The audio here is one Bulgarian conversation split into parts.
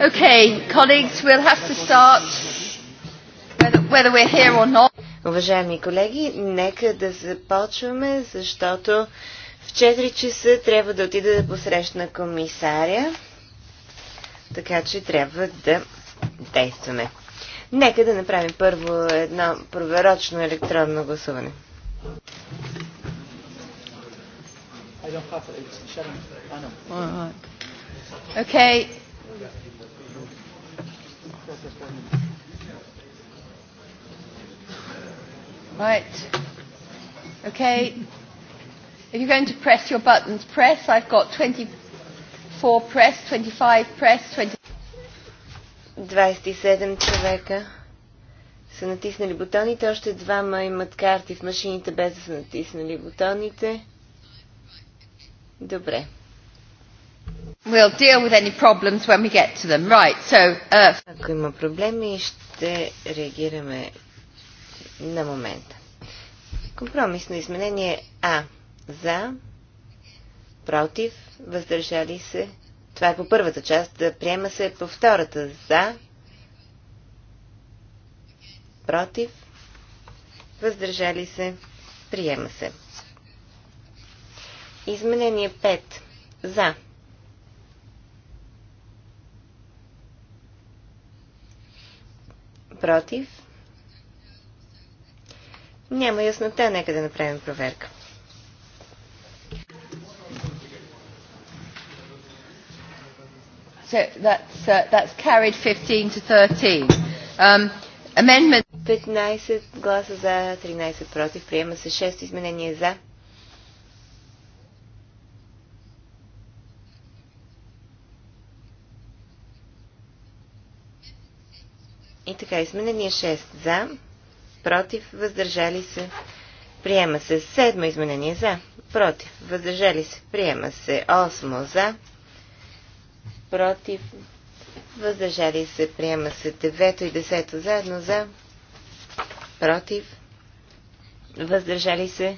Okay, colleagues, we'll have to start whether, we're here or not. Уважаеми колеги, нека да започваме, защото в 4 часа трябва да отида да посрещна комисаря, така че трябва да действаме. Нека да направим първо едно проверочно електронно гласуване. I don't have it. It's I know. All right. Okay. Gracias, Right. Okay. If you're going to press your buttons, press. I've got 24 press, 25 press, 20. 27 човека са натиснали бутоните, още двама имат карти в машините без да са натиснали бутоните. Добре. We'll deal with any problems when we get to them. Right, so, uh... Ако има проблеми, ще реагираме на момента. Компромисно изменение А. За, против, въздържали се. Това е по първата част. Да приема се по втората. За, против, въздържали се. Приема се. Изменение 5. За. Против? Няма яснота, нека да направим проверка. So that's, uh, that's carried 15 to 13. Um, amendment... 15 гласа за, 13 против. Приема се 6 изменения за. И така, изменение 6 за, против, въздържали се, приема се. Седмо изменение за, против, въздържали се, приема се. Осмо за, против, въздържали се, приема се. Девето и десето заедно за, против, въздържали се.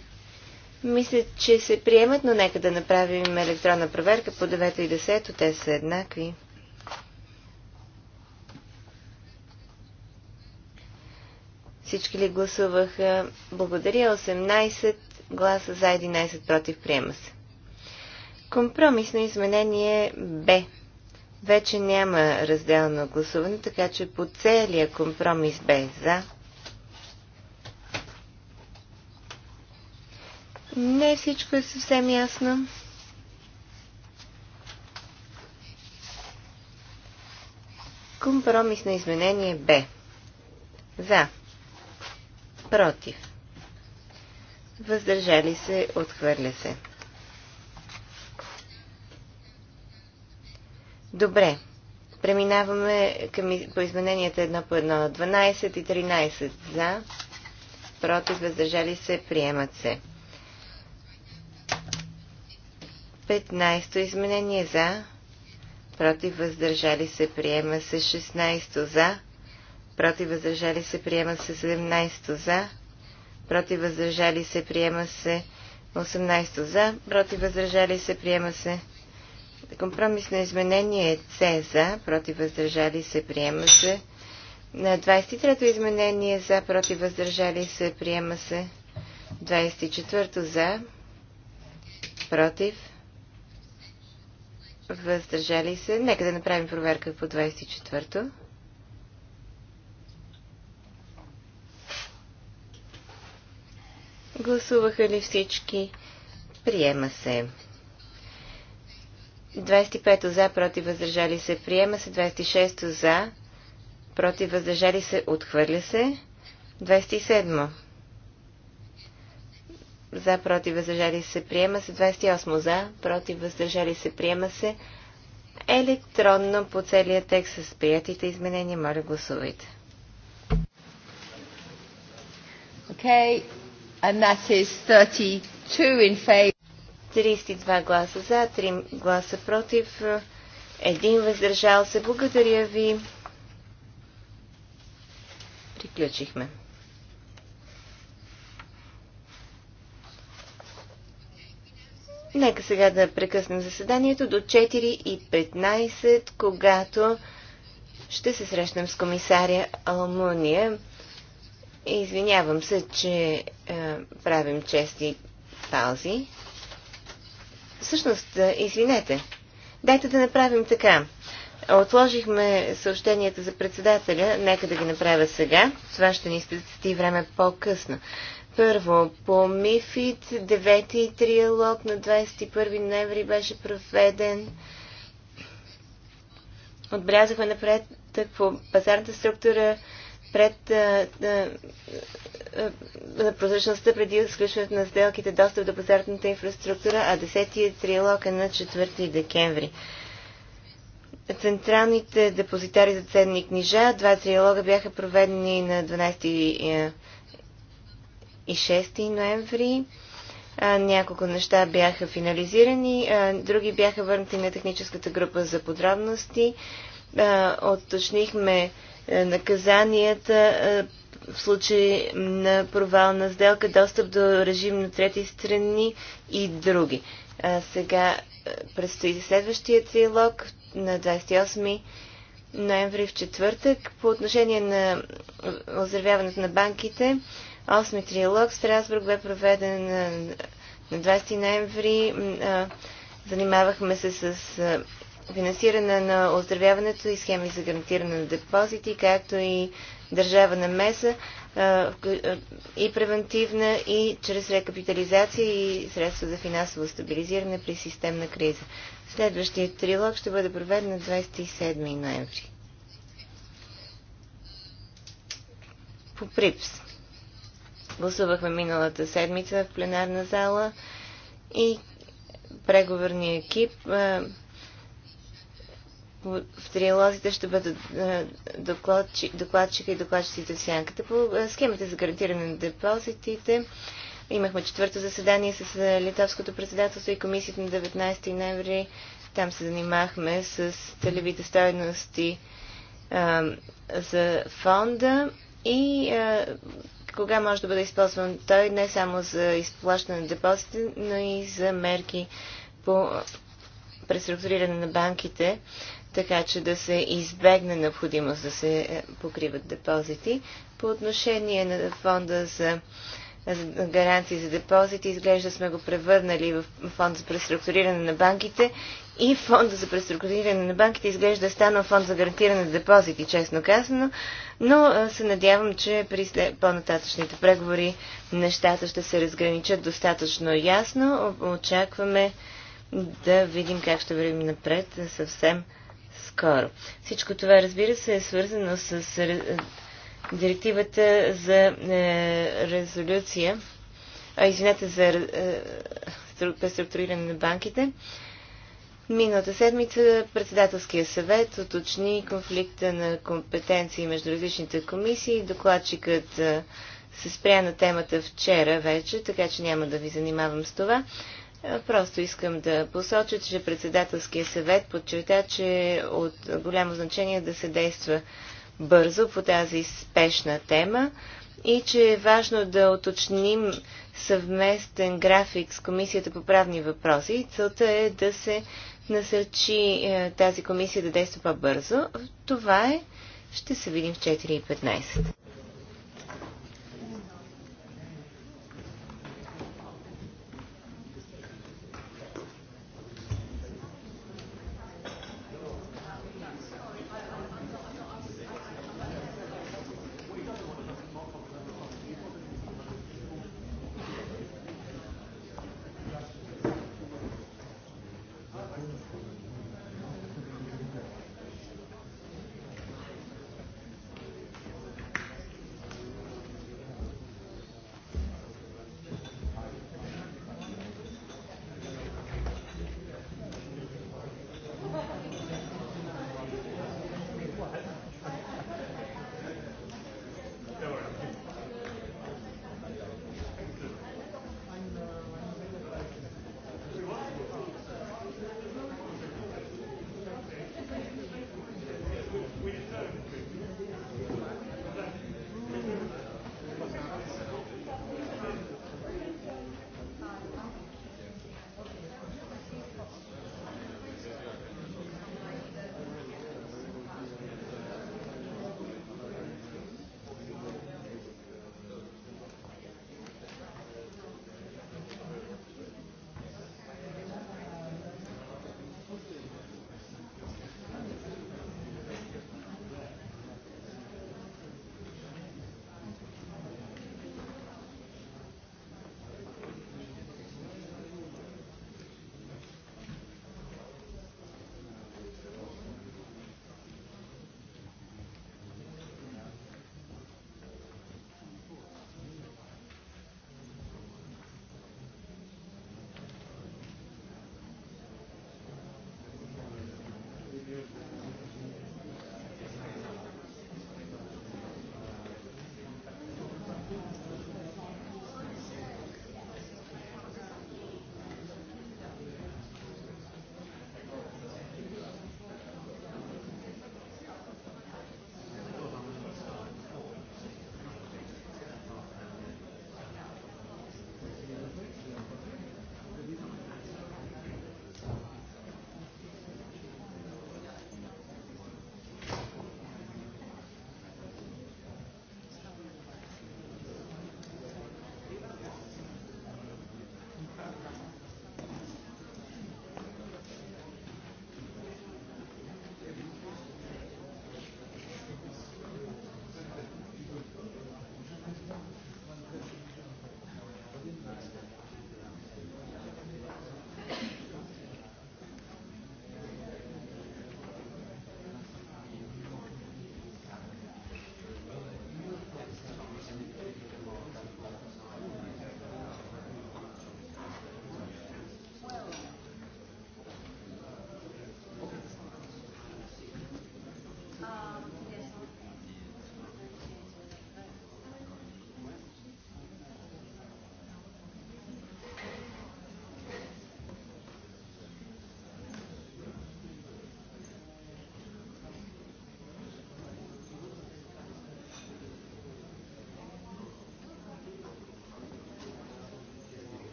Мисля, че се приемат, но нека да направим електронна проверка по 9 и 10. Те са еднакви. Всички ли гласуваха? Благодаря. 18 гласа за 11 против. Приема се. Компромисно изменение Б. Вече няма разделно гласуване, така че по целия компромис Б за. Не всичко е съвсем ясно. Компромисно изменение Б. За против, въздържали се, отхвърля се. Добре. Преминаваме към, по измененията едно по едно. 12 и 13 за, против, въздържали се, приемат се. 15 изменение за, против, въздържали се, приема се. 16 за, против въздържали се, приема се 17 за, против въздържали се, приема се 18 за, против въздържали се, приема се компромисно изменение е С за, против въздържали се, приема се на 23-то изменение за, против въздържали се, приема се 24-то за, против въздържали се. Нека да направим проверка по 24-то. Гласуваха ли всички? Приема се. 25 за, против въздържали се, приема се. 26 за, против въздържали се, отхвърля се. 27 за, против въздържали се, приема се. 28 за, против въздържали се, приема се. Електронно по целия текст с приятите изменения, моля гласувайте. Okay, and that is 32 in favor. 32 гласа за, 3 гласа против, 1 въздържал се. Благодаря ви. Приключихме. Нека сега да прекъснем заседанието до 4 и 15, когато ще се срещнем с комисаря Алмуния. Извинявам се, че е, правим чести паузи. Всъщност, е, извинете. Дайте да направим така. Отложихме съобщенията за председателя. Нека да ги направя сега. Това ще ни спести време по-късно. Първо, по МИФИД, 9 триалог на 21 ноември беше проведен. Отбелязахме напред по пазарната структура пред а, а, а, прозрачността преди изключването на сделките, достъп до пазарната инфраструктура, а 10-ти трилог е на 4 декември. Централните депозитари за ценни книжа, два триалога бяха проведени на 12 и, и 6 ноември. Няколко неща бяха финализирани, други бяха върнати на техническата група за подробности. Отточнихме е, наказанията е, в случай на провал на сделка, достъп до режим на трети страни и други. А сега е, предстои следващия трилог на 28 ноември в четвъртък по отношение на оздравяването на банките. Осми триалог в Страсбург бе проведен на 20 ноември. Занимавахме се с финансиране на оздравяването и схеми за гарантиране на депозити, както и държава на меса и превентивна, и чрез рекапитализация и средства за финансово стабилизиране при системна криза. Следващият трилог ще бъде проведен на 27 ноември. По ПРИПС. Гласувахме миналата седмица в пленарна зала и преговорния екип в триалозите ще бъдат е, докладчика и докладчиците в сянката по е, схемите за гарантиране на депозитите. Имахме четвърто заседание с е, Литовското председателство и комисията на 19 ноември. Там се занимахме с целевите стоености а, за фонда и а, кога може да бъде използван той не само за изплащане на депозитите, но и за мерки по преструктуриране на банките така че да се избегне необходимост да се е, покриват депозити. По отношение на фонда за гаранции за депозити, изглежда сме го превърнали в фонд за преструктуриране на банките и фонда за преструктуриране на банките изглежда е станал фонд за гарантиране на депозити, честно казано, но е, се надявам, че при по-нататъчните преговори нещата ще се разграничат достатъчно ясно. Очакваме да видим как ще вървим напред съвсем скоро Всичко това, разбира се, е свързано с директивата за е, резолюция, а, извинете, за е, преструктуриране на банките. Миналата седмица председателския съвет уточни конфликта на компетенции между различните комисии. Докладчикът е, се спря на темата вчера вече, така че няма да ви занимавам с това. Е, просто искам да посоча, че председателския съвет подчерта, че е от голямо значение е да се действа бързо по тази спешна тема и че е важно да уточним съвместен график с Комисията по правни въпроси. Целта е да се насърчи е, тази комисия да действа по-бързо. Това е. Ще се видим в 4.15.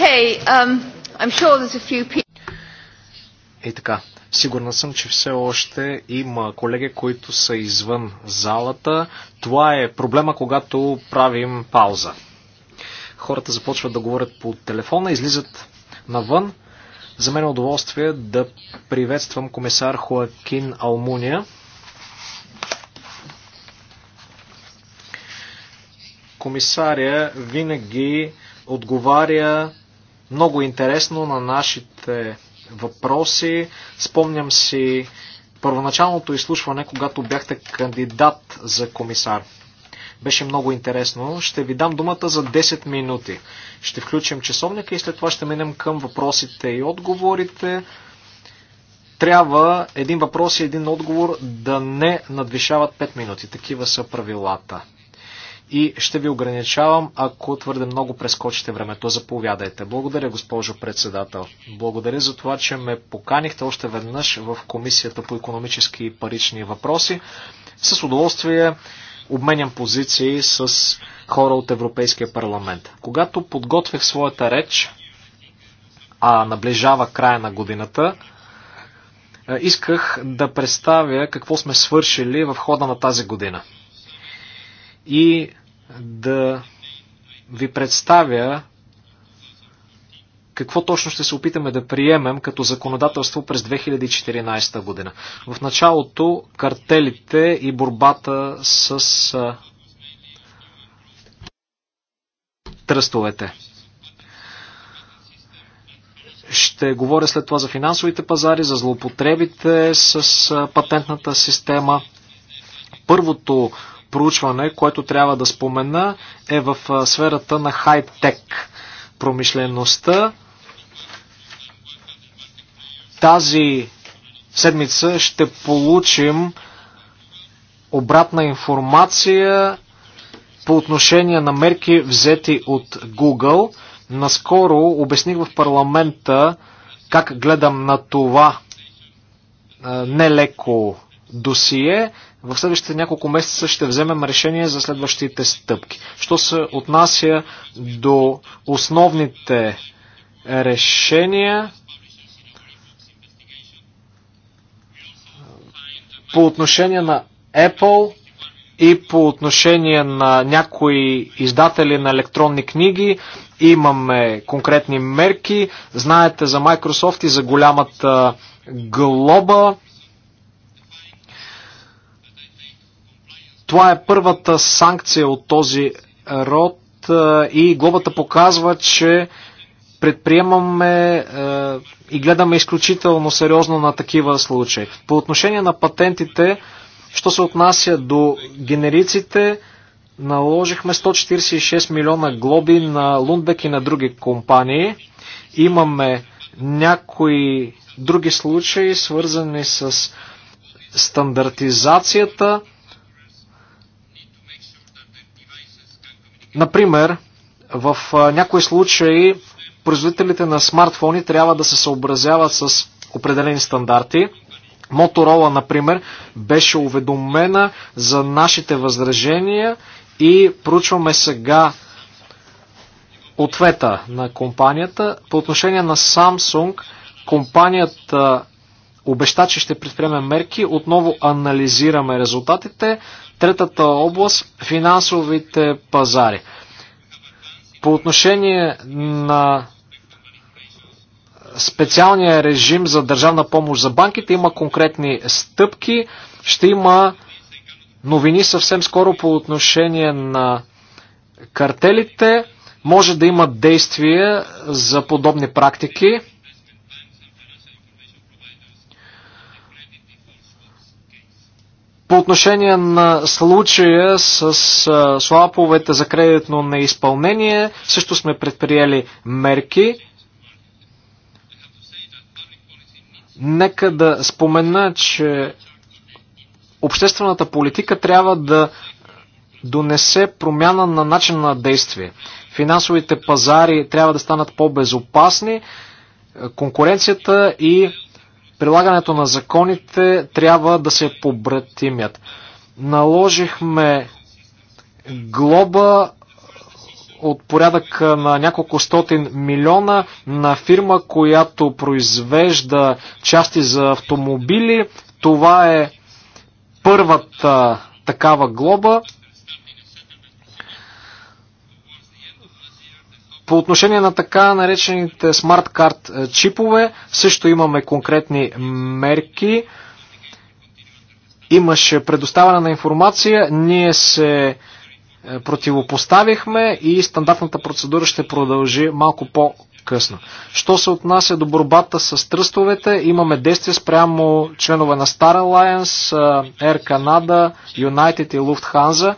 И um, така, сигурна съм, че все още има колеги, които са извън залата. Това е проблема, когато правим пауза. Хората започват да говорят по телефона, излизат навън. За мен е удоволствие да приветствам комисар Хоакин Алмуния. Комисаря винаги отговаря много интересно на нашите въпроси. Спомням си първоначалното изслушване, когато бяхте кандидат за комисар. Беше много интересно. Ще ви дам думата за 10 минути. Ще включим часовника и след това ще минем към въпросите и отговорите. Трябва един въпрос и един отговор да не надвишават 5 минути. Такива са правилата и ще ви ограничавам, ако твърде много прескочите времето. Заповядайте. Благодаря, госпожо председател. Благодаря за това, че ме поканихте още веднъж в Комисията по економически и парични въпроси. С удоволствие обменям позиции с хора от Европейския парламент. Когато подготвях своята реч, а наближава края на годината, е, исках да представя какво сме свършили в хода на тази година и да ви представя какво точно ще се опитаме да приемем като законодателство през 2014 година. В началото картелите и борбата с а, тръстовете. Ще говоря след това за финансовите пазари, за злоупотребите с а, патентната система. Първото проучване, което трябва да спомена, е в сферата на хай-тек промишлеността. Тази седмица ще получим обратна информация по отношение на мерки взети от Google. Наскоро обясних в парламента как гледам на това нелеко досие в следващите няколко месеца ще вземем решение за следващите стъпки. Що се отнася до основните решения по отношение на Apple и по отношение на някои издатели на електронни книги имаме конкретни мерки. Знаете за Microsoft и за голямата глоба Това е първата санкция от този род и глобата показва, че предприемаме и гледаме изключително сериозно на такива случаи. По отношение на патентите, що се отнася до генериците, наложихме 146 милиона глоби на Лундбек и на други компании. Имаме някои други случаи, свързани с стандартизацията. Например, в някои случаи производителите на смартфони трябва да се съобразяват с определени стандарти. Моторола, например, беше уведомена за нашите възражения и проучваме сега ответа на компанията. По отношение на Samsung, компанията обеща, че ще предприеме мерки. Отново анализираме резултатите. Третата област – финансовите пазари. По отношение на специалния режим за държавна помощ за банките има конкретни стъпки. Ще има новини съвсем скоро по отношение на картелите. Може да има действия за подобни практики. По отношение на случая с слаповете за кредитно неизпълнение, също сме предприели мерки. Нека да спомена, че обществената политика трябва да донесе промяна на начин на действие. Финансовите пазари трябва да станат по-безопасни, конкуренцията и прилагането на законите трябва да се побратимят. Наложихме глоба от порядък на няколко стотин милиона на фирма, която произвежда части за автомобили. Това е първата такава глоба. По отношение на така наречените смарт карт е, чипове, също имаме конкретни мерки. Имаше предоставяне на информация, ние се е, противопоставихме и стандартната процедура ще продължи малко по-късно. Що се отнася до борбата с тръстовете, имаме действия спрямо членове на Star Alliance, е, Air Canada, United и Lufthansa.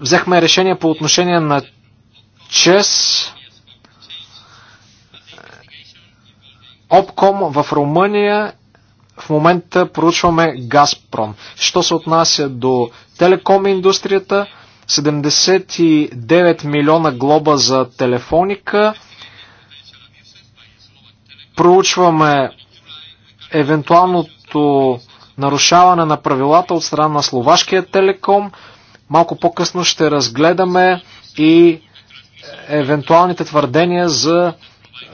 Взехме решение по отношение на чрез Обком в Румъния в момента проучваме Газпром. Що се отнася до телеком индустрията, 79 милиона глоба за телефоника. Проучваме евентуалното нарушаване на правилата от страна на словашкия телеком. Малко по-късно ще разгледаме и евентуалните твърдения за е,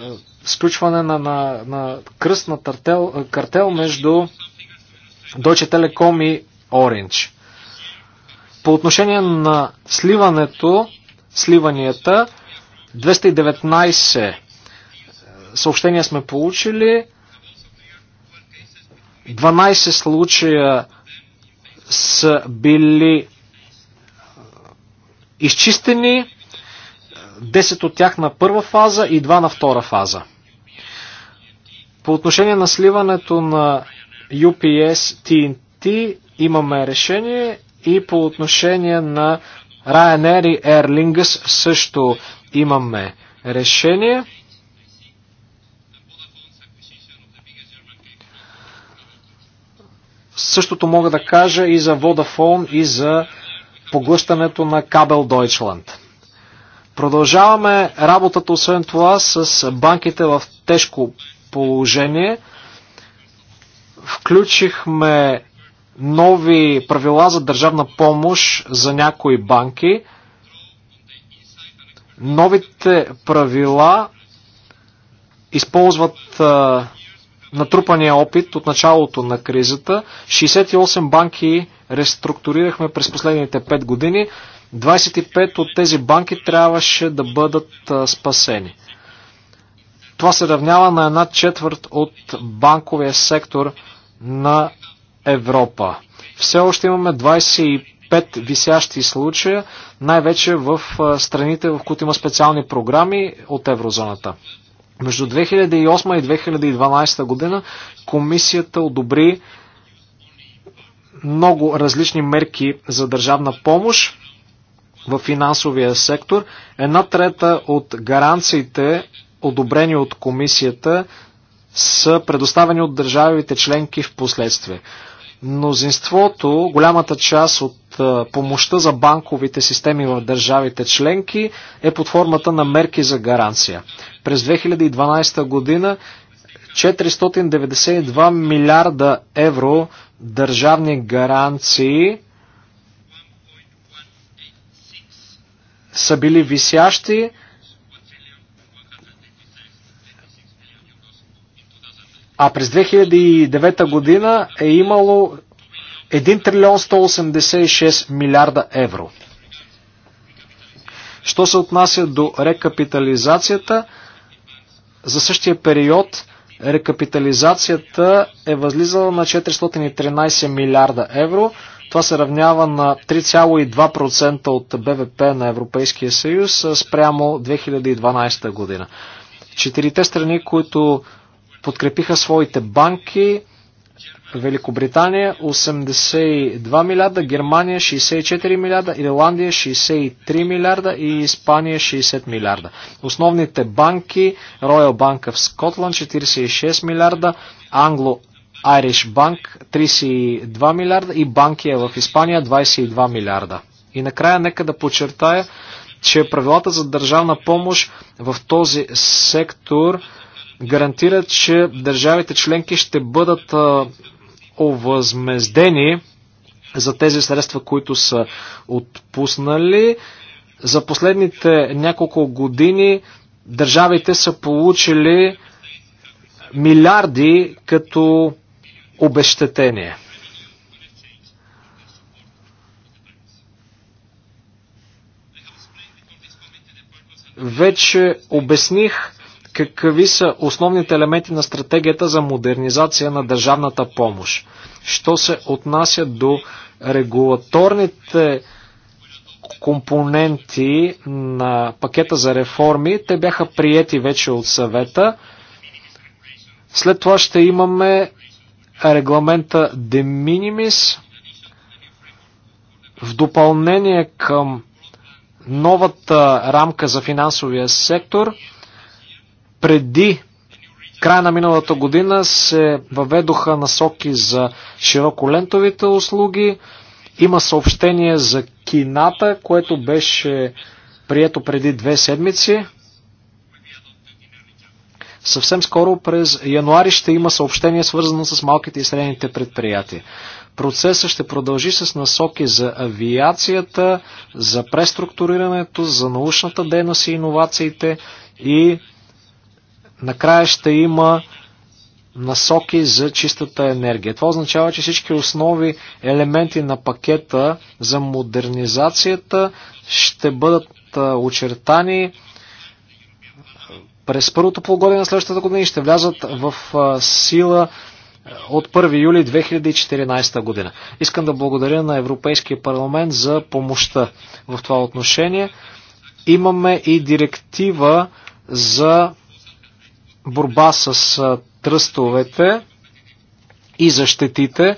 сключване на, на, на кръст на тартел, е, картел между Deutsche Telekom и Orange. По отношение на сливането, сливанията, 219 е, съобщения сме получили, 12 случая са били изчистени, 10 от тях на първа фаза и 2 на втора фаза. По отношение на сливането на UPS TNT имаме решение и по отношение на Ryanair и Air Lingus също имаме решение. Същото мога да кажа и за Vodafone и за поглъщането на кабел Deutschland. Продължаваме работата, освен това, с банките в тежко положение. Включихме нови правила за държавна помощ за някои банки. Новите правила използват натрупания опит от началото на кризата. 68 банки реструктурирахме през последните 5 години. 25 от тези банки трябваше да бъдат спасени. Това се равнява на една четвърт от банковия сектор на Европа. Все още имаме 25 висящи случая, най-вече в страните, в които има специални програми от еврозоната. Между 2008 и 2012 година комисията одобри много различни мерки за държавна помощ в финансовия сектор. Една трета от гаранциите, одобрени от комисията, са предоставени от държавите членки в последствие. Мнозинството, голямата част от помощта за банковите системи в държавите членки е под формата на мерки за гаранция. През 2012 година 492 милиарда евро държавни гаранции са били висящи. А през 2009 година е имало 1 трилион 186 милиарда евро. Що се отнася до рекапитализацията, за същия период рекапитализацията е възлизала на 413 милиарда евро. Това се равнява на 3,2% от БВП на Европейския съюз спрямо 2012 година. Четирите страни, които подкрепиха своите банки, Великобритания 82 милиарда, Германия 64 милиарда, Ирландия 63 милиарда и Испания 60 милиарда. Основните банки Royal Bank of Scotland 46 милиарда, Anglo Irish Bank 32 милиарда и Банкия е в Испания 22 милиарда. И накрая нека да подчертая, че правилата за държавна помощ в този сектор гарантират, че държавите членки ще бъдат овъзмездени за тези средства, които са отпуснали. За последните няколко години държавите са получили милиарди като обещетение. Вече обясних какви са основните елементи на стратегията за модернизация на държавната помощ. Що се отнася до регулаторните компоненти на пакета за реформи, те бяха приети вече от съвета. След това ще имаме регламента De Minimis в допълнение към новата рамка за финансовия сектор преди края на миналата година се въведоха насоки за широколентовите услуги. Има съобщение за кината, което беше прието преди две седмици. Съвсем скоро през януари ще има съобщение свързано с малките и средните предприятия. Процесът ще продължи с насоки за авиацията, за преструктурирането, за научната дейност и иновациите и накрая ще има насоки за чистата енергия. Това означава, че всички основи елементи на пакета за модернизацията ще бъдат очертани през първото полугодие на следващата година и ще влязат в сила от 1 юли 2014 година. Искам да благодаря на Европейския парламент за помощта в това отношение. Имаме и директива за борба с тръстовете и защитите.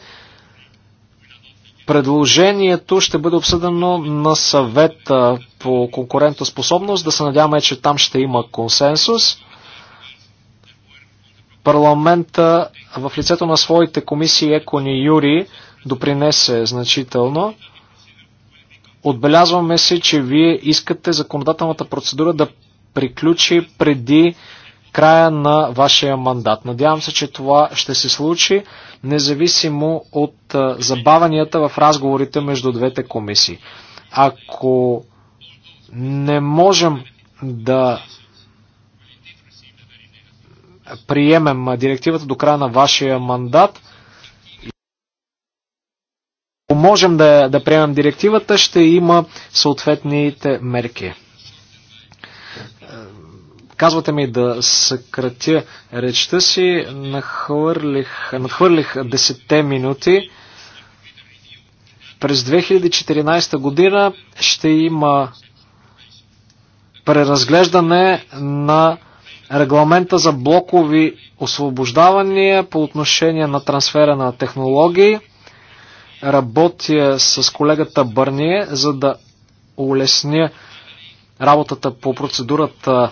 Предложението ще бъде обсъдено на съвета по конкурентоспособност. Да се надяваме, че там ще има консенсус. Парламента в лицето на своите комисии Екони Юри допринесе значително. Отбелязваме се, че вие искате законодателната процедура да приключи преди края на вашия мандат. Надявам се, че това ще се случи независимо от забаванията в разговорите между двете комисии. Ако не можем да приемем директивата до края на вашия мандат, ако можем да, да приемем директивата, ще има съответните мерки. Казвате ми да съкратя речта си. Нахвърлих, надхвърлих 10 минути. През 2014 година ще има преразглеждане на регламента за блокови освобождавания по отношение на трансфера на технологии. Работя с колегата Бърние, за да улесня работата по процедурата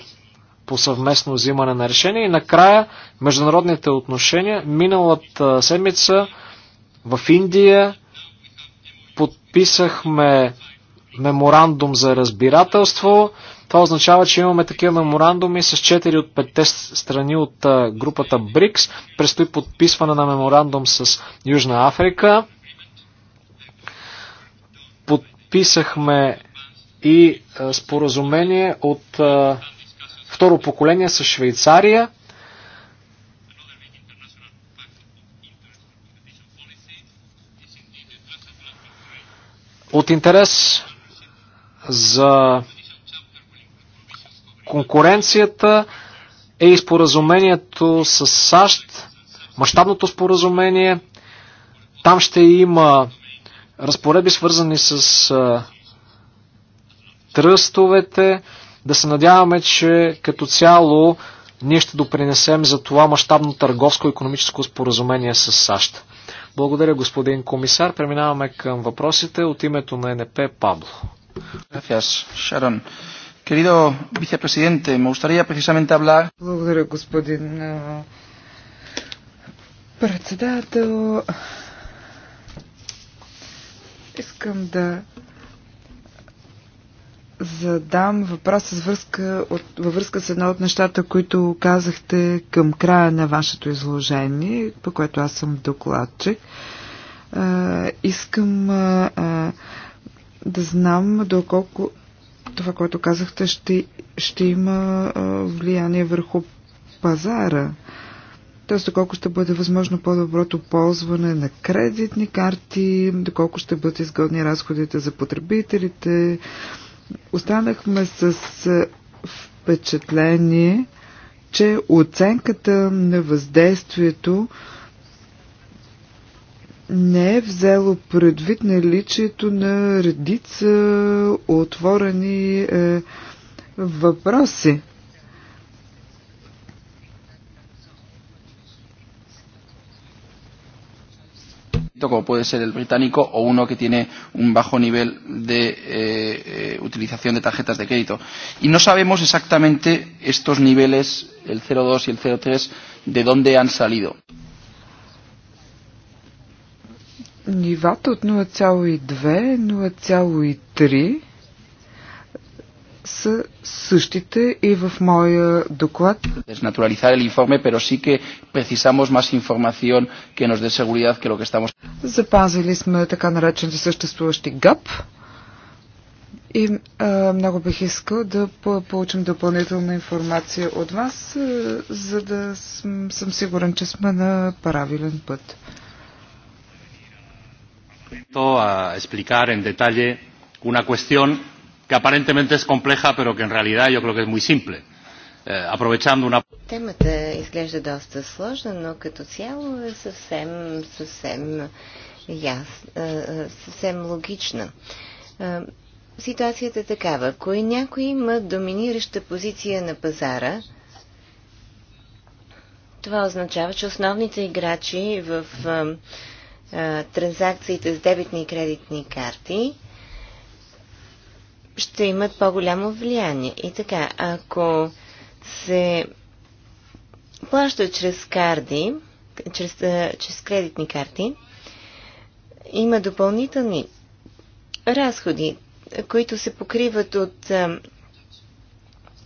по съвместно взимане на решение. И накрая международните отношения. Миналата седмица в Индия подписахме меморандум за разбирателство. Това означава, че имаме такива меморандуми с 4 от 5 страни от групата БРИКС. Престои подписване на меморандум с Южна Африка. Подписахме и споразумение от второ поколение с Швейцария. От интерес за конкуренцията е и споразумението с САЩ, мащабното споразумение. Там ще има разпоредби свързани с тръстовете. Да се надяваме, че като цяло ние ще допринесем за това мащабно търговско-економическо споразумение с САЩ. Благодаря, господин комисар. Преминаваме към въпросите от името на НП Пабло. Благодаря, господин председател. Искам да задам въпрос с връзка от, във връзка с едно от нещата, които казахте към края на вашето изложение, по което аз съм докладчик. А, искам а, а, да знам доколко това, което казахте, ще, ще има а, влияние върху пазара. Тоест, доколко ще бъде възможно по-доброто ползване на кредитни карти, доколко ще бъдат изгодни разходите за потребителите, а, останахме с е, впечатление, че оценката на въздействието не е взело предвид наличието на редица отворени е, въпроси. como puede ser el británico o uno que tiene un bajo nivel de eh, eh, utilización de tarjetas de crédito. Y no sabemos exactamente estos niveles, el 0,2 y el 0,3, de dónde han salido. Нивата от 0,2, 0,3 са същите и в моя доклад. Desnaturalizar el informe, pero sí que precisamos más información que nos dé seguridad que lo que estamos... Запазили сме така наречените съществуващи ГАП. И а, много бих искал да получим допълнителна информация от вас, за да съм, съм сигурен, че сме на правилен път. A explicar en detalle una cuestión que aparentemente es compleja, pero que en realidad yo creo que es muy simple. Eh, aprovechando una... Темата изглежда доста сложна, но като цяло е съвсем, съвсем яс, е, е, съвсем логична. Е, ситуацията е такава. Ако някой има доминираща позиция на пазара, това означава, че основните играчи в транзакциите с дебитни и кредитни карти ще имат по-голямо влияние. И така, ако се плаща чрез карди, чрез, чрез кредитни карти, има допълнителни разходи, които се покриват от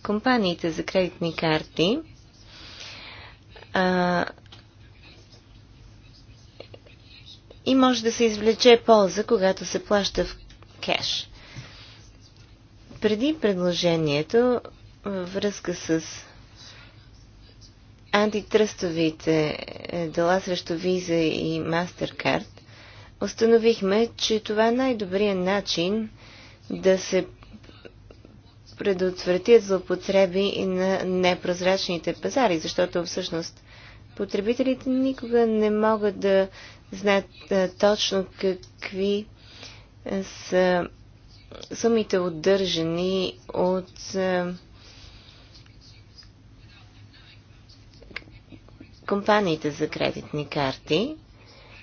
компаниите за кредитни карти. А, и може да се извлече полза, когато се плаща в кеш преди предложението във връзка с антитръстовите е, дела срещу Виза и Мастеркард, установихме, че това е най-добрият начин да се предотвратят злоупотреби на непрозрачните пазари, защото всъщност потребителите никога не могат да знаят е, точно какви е, са сумите отдържани от е, компаниите за кредитни карти,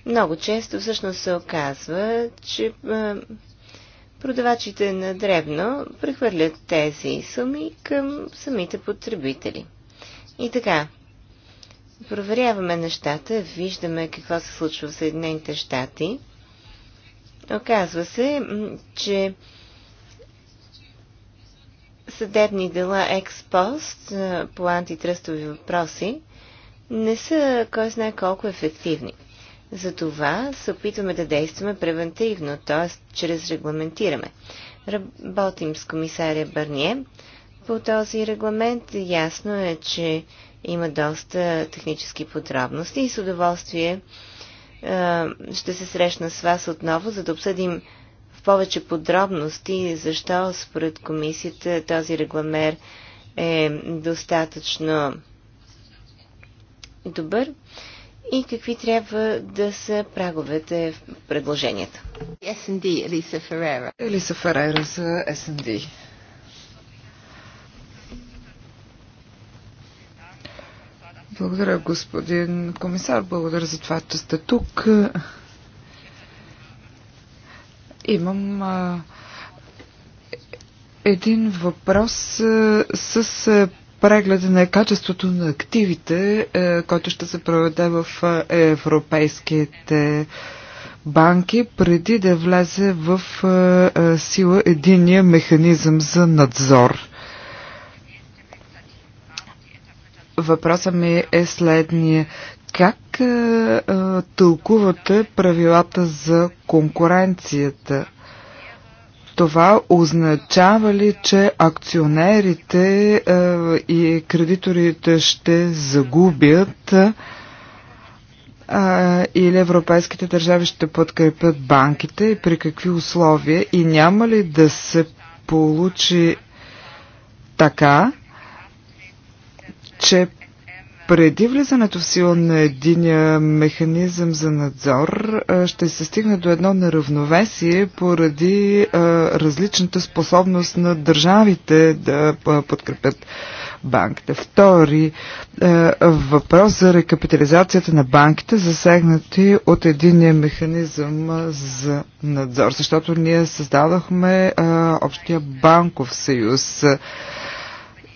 много често всъщност се оказва, че е, продавачите на дребно прехвърлят тези суми към самите потребители. И така, проверяваме нещата, виждаме какво се случва в Съединените щати. Оказва се, че съдебни дела експост по антитръстови въпроси не са кой знае колко ефективни. Затова се опитваме да действаме превентивно, т.е. чрез регламентираме. Работим с комисаря Барние по този регламент. Ясно е, че има доста технически подробности и с удоволствие ще се срещна с вас отново, за да обсъдим повече подробности защо според комисията този регламер е достатъчно добър и какви трябва да са праговете в предложенията. СНД Елиса Ферера. Елиса Ферера за СНД. Благодаря, господин комисар. Благодаря за това, че сте тук. Имам а, един въпрос а, с прегледа на качеството на активите, а, който ще се проведе в европейските банки, преди да влезе в а, сила единия механизъм за надзор. Въпросът ми е следния. Как а, е, а, е, тълкувате правилата за конкуренцията? Това означава ли, че акционерите а, е, и кредиторите ще загубят а, или европейските държави ще подкрепят банките и при какви условия? И няма ли да се получи така, че преди влизането в сила на единия механизъм за надзор ще се стигне до едно неравновесие поради различната способност на държавите да подкрепят банките. Втори въпрос за рекапитализацията на банките, засегнати от единия механизъм за надзор, защото ние създадохме общия банков съюз.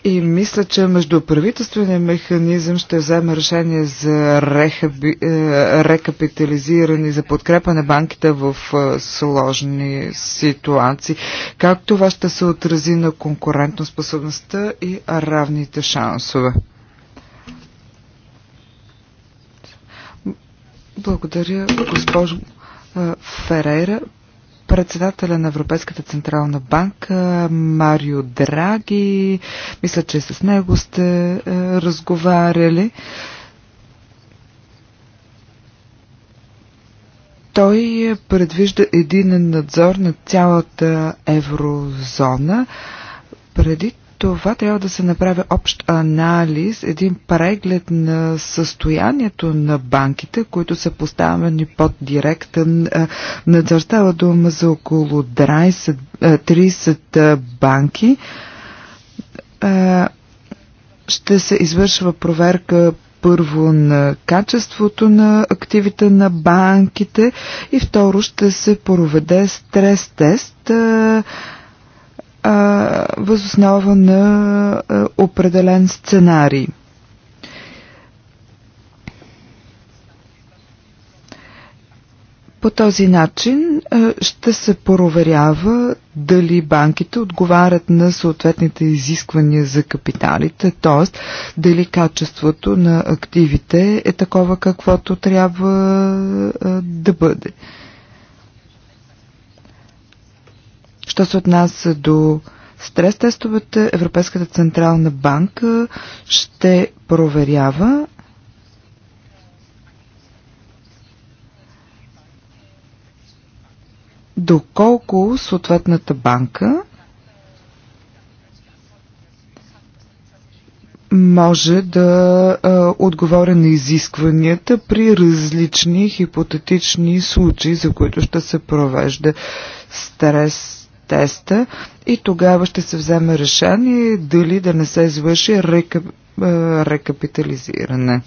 И мисля, че междуправителственият механизъм ще вземе решение за рехаби, е, рекапитализиране, за подкрепа на банките в е, сложни ситуации. Как това ще се отрази на конкурентоспособността и равните шансове? Благодаря, госпожо е, Ферейра председателя на Европейската централна банка Марио Драги. Мисля, че с него сте е, разговаряли. Той предвижда един надзор на цялата еврозона. Преди това трябва да се направи общ анализ, един преглед на състоянието на банките, които са поставени под директен надзор. Става дума за около 30, 30 банки. Ще се извършва проверка първо на качеството на активите на банките и второ ще се проведе стрес тест възоснова на а, определен сценарий. По този начин ще се проверява дали банките отговарят на съответните изисквания за капиталите, т.е. дали качеството на активите е такова каквото трябва да бъде. Що се отнася до стрес тестовете, Европейската централна банка ще проверява доколко съответната банка може да а, отговоря на изискванията при различни хипотетични случаи, за които ще се провежда стрес теста и тогава ще се вземе решение дали да не се извърши рекап... рекапитализиране.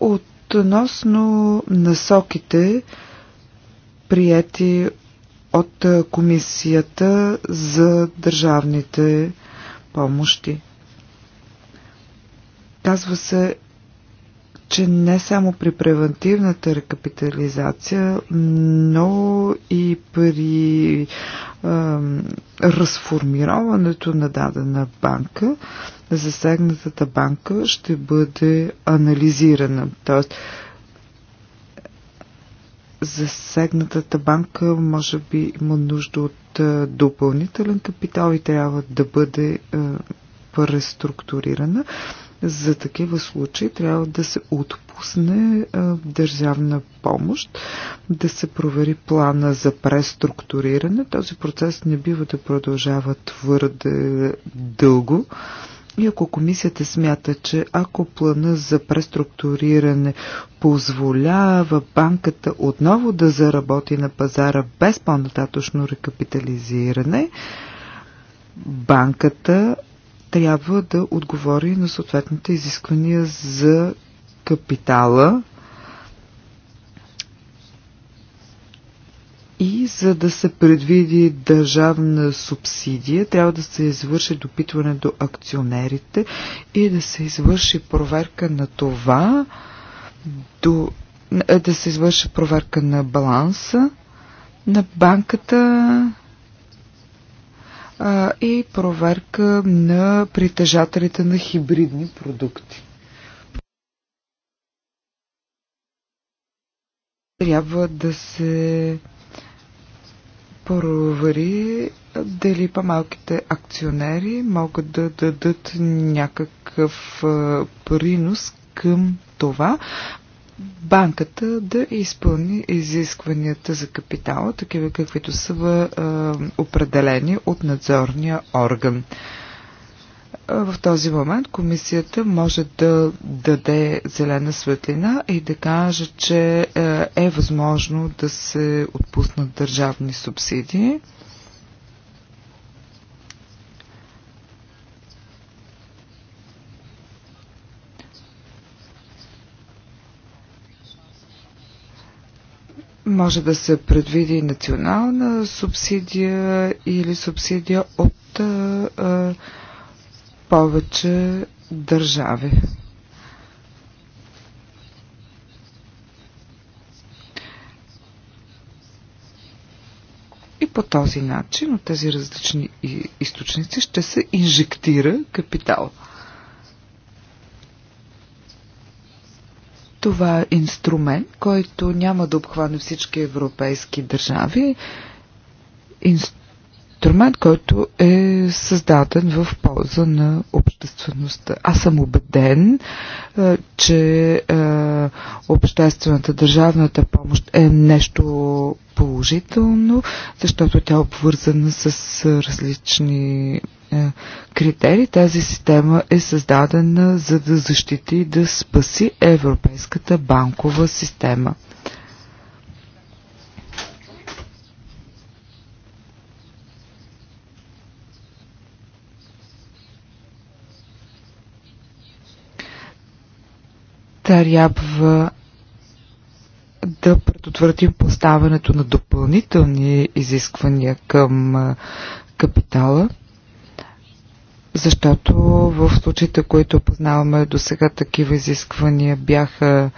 Относно насоките, прияти от Комисията за държавните помощи. Казва се че не само при превентивната рекапитализация, но и при е, разформироването на дадена банка, засегнатата банка ще бъде анализирана. Тоест, засегнатата банка може би има нужда от е, допълнителен капитал и трябва да бъде е, преструктурирана за такива случаи трябва да се отпусне а, държавна помощ, да се провери плана за преструктуриране. Този процес не бива да продължава твърде дълго. И ако комисията смята, че ако плана за преструктуриране позволява банката отново да заработи на пазара без по-нататъчно рекапитализиране, банката трябва да отговори на съответните изисквания за капитала и за да се предвиди държавна субсидия, трябва да се извърши допитване до акционерите и да се извърши проверка на това, до, е, да се извърши проверка на баланса на банката а, и проверка на притежателите на хибридни продукти. Трябва да се провери дали по-малките акционери могат да дадат някакъв принос към това банката да изпълни изискванията за капитала, такива каквито са в, определени от надзорния орган. В този момент комисията може да даде зелена светлина и да каже, че е възможно да се отпуснат държавни субсидии Може да се предвиди национална субсидия или субсидия от а, а, повече държави. И по този начин от тези различни източници ще се инжектира капитал. Това е инструмент, който няма да обхване всички европейски държави. Инструмент инструмент, който е създаден в полза на обществеността. Аз съм убеден, е, че е, обществената държавната помощ е нещо положително, защото тя е обвързана с различни е, критерии. Тази система е създадена за да защити и да спаси европейската банкова система. Трябва да предотвратим поставянето на допълнителни изисквания към капитала, защото в случаите, които познаваме до сега, такива изисквания бяха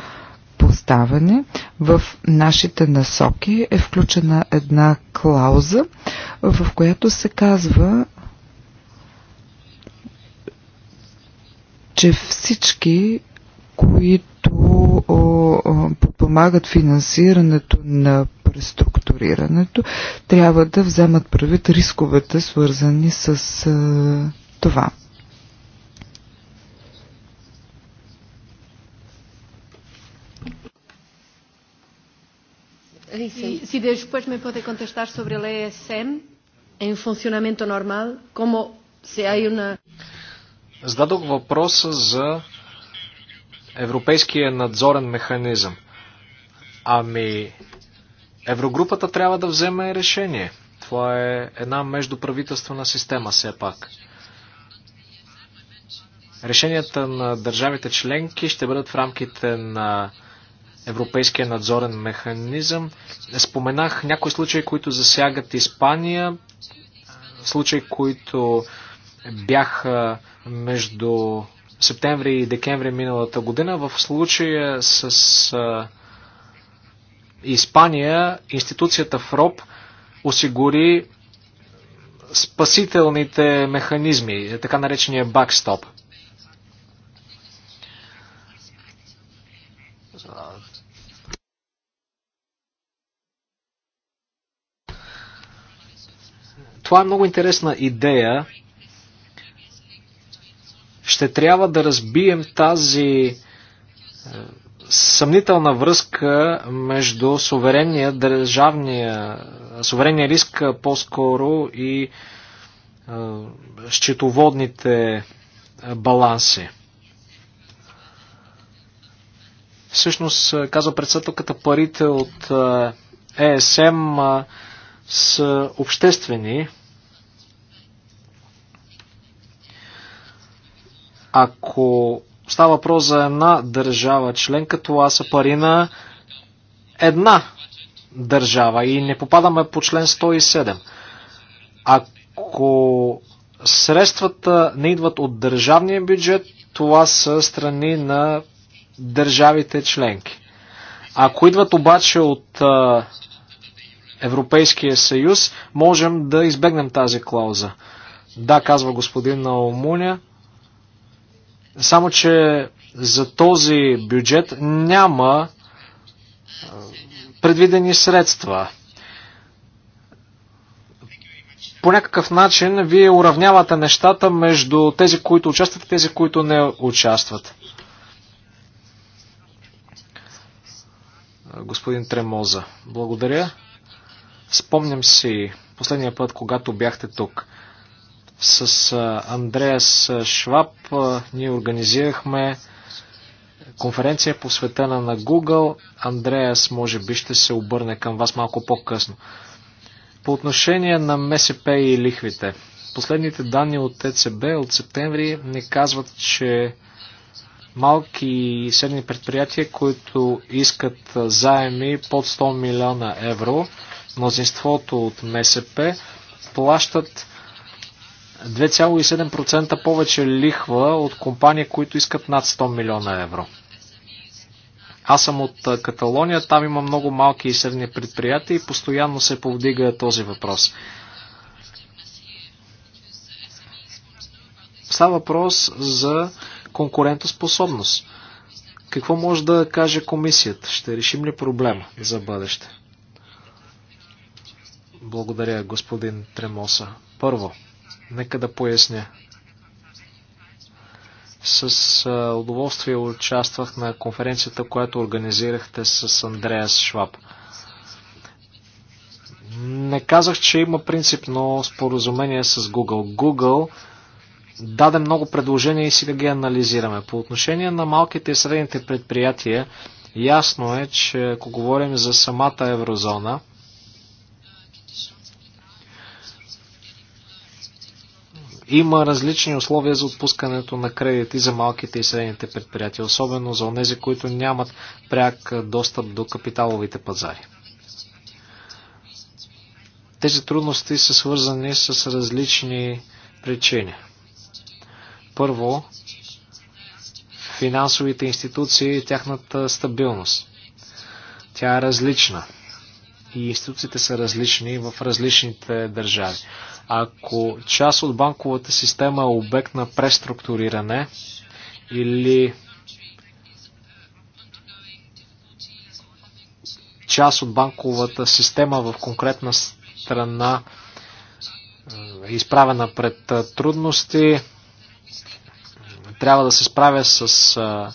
поставени. В нашите насоки е включена една клауза, в която се казва, че всички които подпомагат финансирането на преструктурирането, трябва да вземат правит рисковете, свързани с това. Si después me puede contestar sobre el ESM en funcionamiento normal, como se hay una... Зададох въпроса за Европейския надзорен механизъм. Ами, Еврогрупата трябва да вземе решение. Това е една междуправителствена система, все пак. Решенията на държавите членки ще бъдат в рамките на Европейския надзорен механизъм. Споменах някои случаи, които засягат Испания, случаи, които бяха между септември и декември миналата година. В случая с а, Испания, институцията ФРОП осигури спасителните механизми, така наречения бакстоп. Това е много интересна идея. Ще трябва да разбием тази е, съмнителна връзка между суверенния държавния, суверенния риск по-скоро и е, счетоводните баланси. Всъщност, е, казва председателката, парите от ЕСМ са обществени Ако става въпрос за една държава членка, това са пари на една държава и не попадаме по член 107. Ако средствата не идват от държавния бюджет, това са страни на държавите членки. Ако идват обаче от а, Европейския съюз, можем да избегнем тази клауза. Да, казва господин Наумуня, само, че за този бюджет няма предвидени средства. По някакъв начин вие уравнявате нещата между тези, които участват и тези, които не участват. Господин Тремоза, благодаря. Спомням си последния път, когато бяхте тук. С Андреас Шваб ние организирахме конференция посветена на Google. Андреас може би ще се обърне към вас малко по-късно. По отношение на МСП и лихвите, последните данни от ЕЦБ от септември ни казват, че малки и средни предприятия, които искат заеми под 100 милиона евро, мнозинството от МСП, плащат 2,7% повече лихва от компании, които искат над 100 милиона евро. Аз съм от Каталония, там има много малки и средни предприятия и постоянно се повдига този въпрос. Става въпрос за конкурентоспособност. Какво може да каже комисията? Ще решим ли проблема за бъдеще? Благодаря, господин Тремоса. Първо, Нека да поясня. С удоволствие участвах на конференцията, която организирахте с Андреас Шваб. Не казах, че има принципно споразумение с Google. Google даде много предложения и сега ги анализираме. По отношение на малките и средните предприятия, ясно е, че ако говорим за самата еврозона, Има различни условия за отпускането на кредити за малките и средните предприятия, особено за онези, които нямат пряк достъп до капиталовите пазари. Тези трудности са свързани с различни причини. Първо, финансовите институции и тяхната стабилност. Тя е различна. И институциите са различни в различните държави. Ако част от банковата система е обект на преструктуриране или част от банковата система в конкретна страна е изправена пред е, трудности, трябва да се справя с е,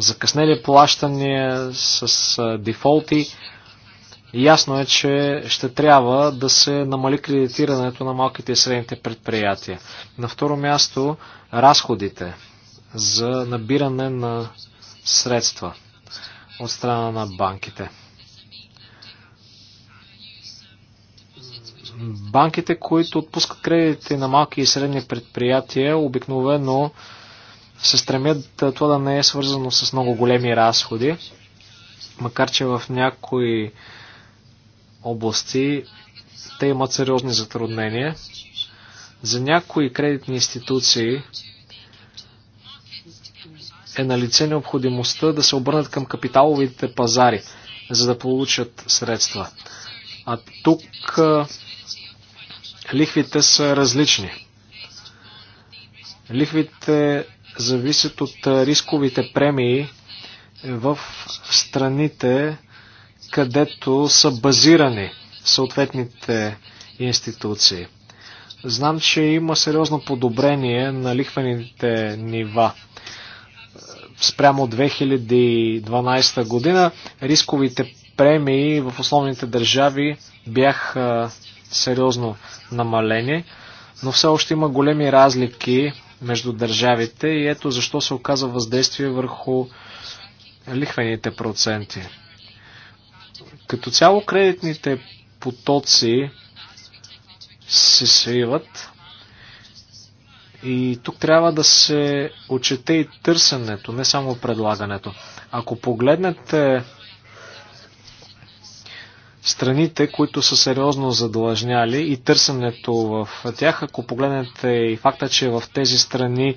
закъснели плащания, с е, дефолти. Ясно е, че ще трябва да се намали кредитирането на малките и средните предприятия. На второ място, разходите за набиране на средства от страна на банките. Банките, които отпускат кредити на малки и средни предприятия, обикновено се стремят това да не е свързано с много големи разходи, макар че в някои области те имат сериозни затруднения. За някои кредитни институции е на лице необходимостта да се обърнат към капиталовите пазари, за да получат средства. А тук лихвите са различни. Лихвите зависят от рисковите премии в страните, където са базирани съответните институции. Знам, че има сериозно подобрение на лихвените нива спрямо 2012 година. Рисковите премии в основните държави бяха сериозно намалени, но все още има големи разлики между държавите и ето защо се оказа въздействие върху лихвените проценти. Като цяло кредитните потоци се свиват и тук трябва да се отчете и търсенето, не само предлагането. Ако погледнете страните, които са сериозно задлъжняли и търсенето в тях, ако погледнете и факта, че в тези страни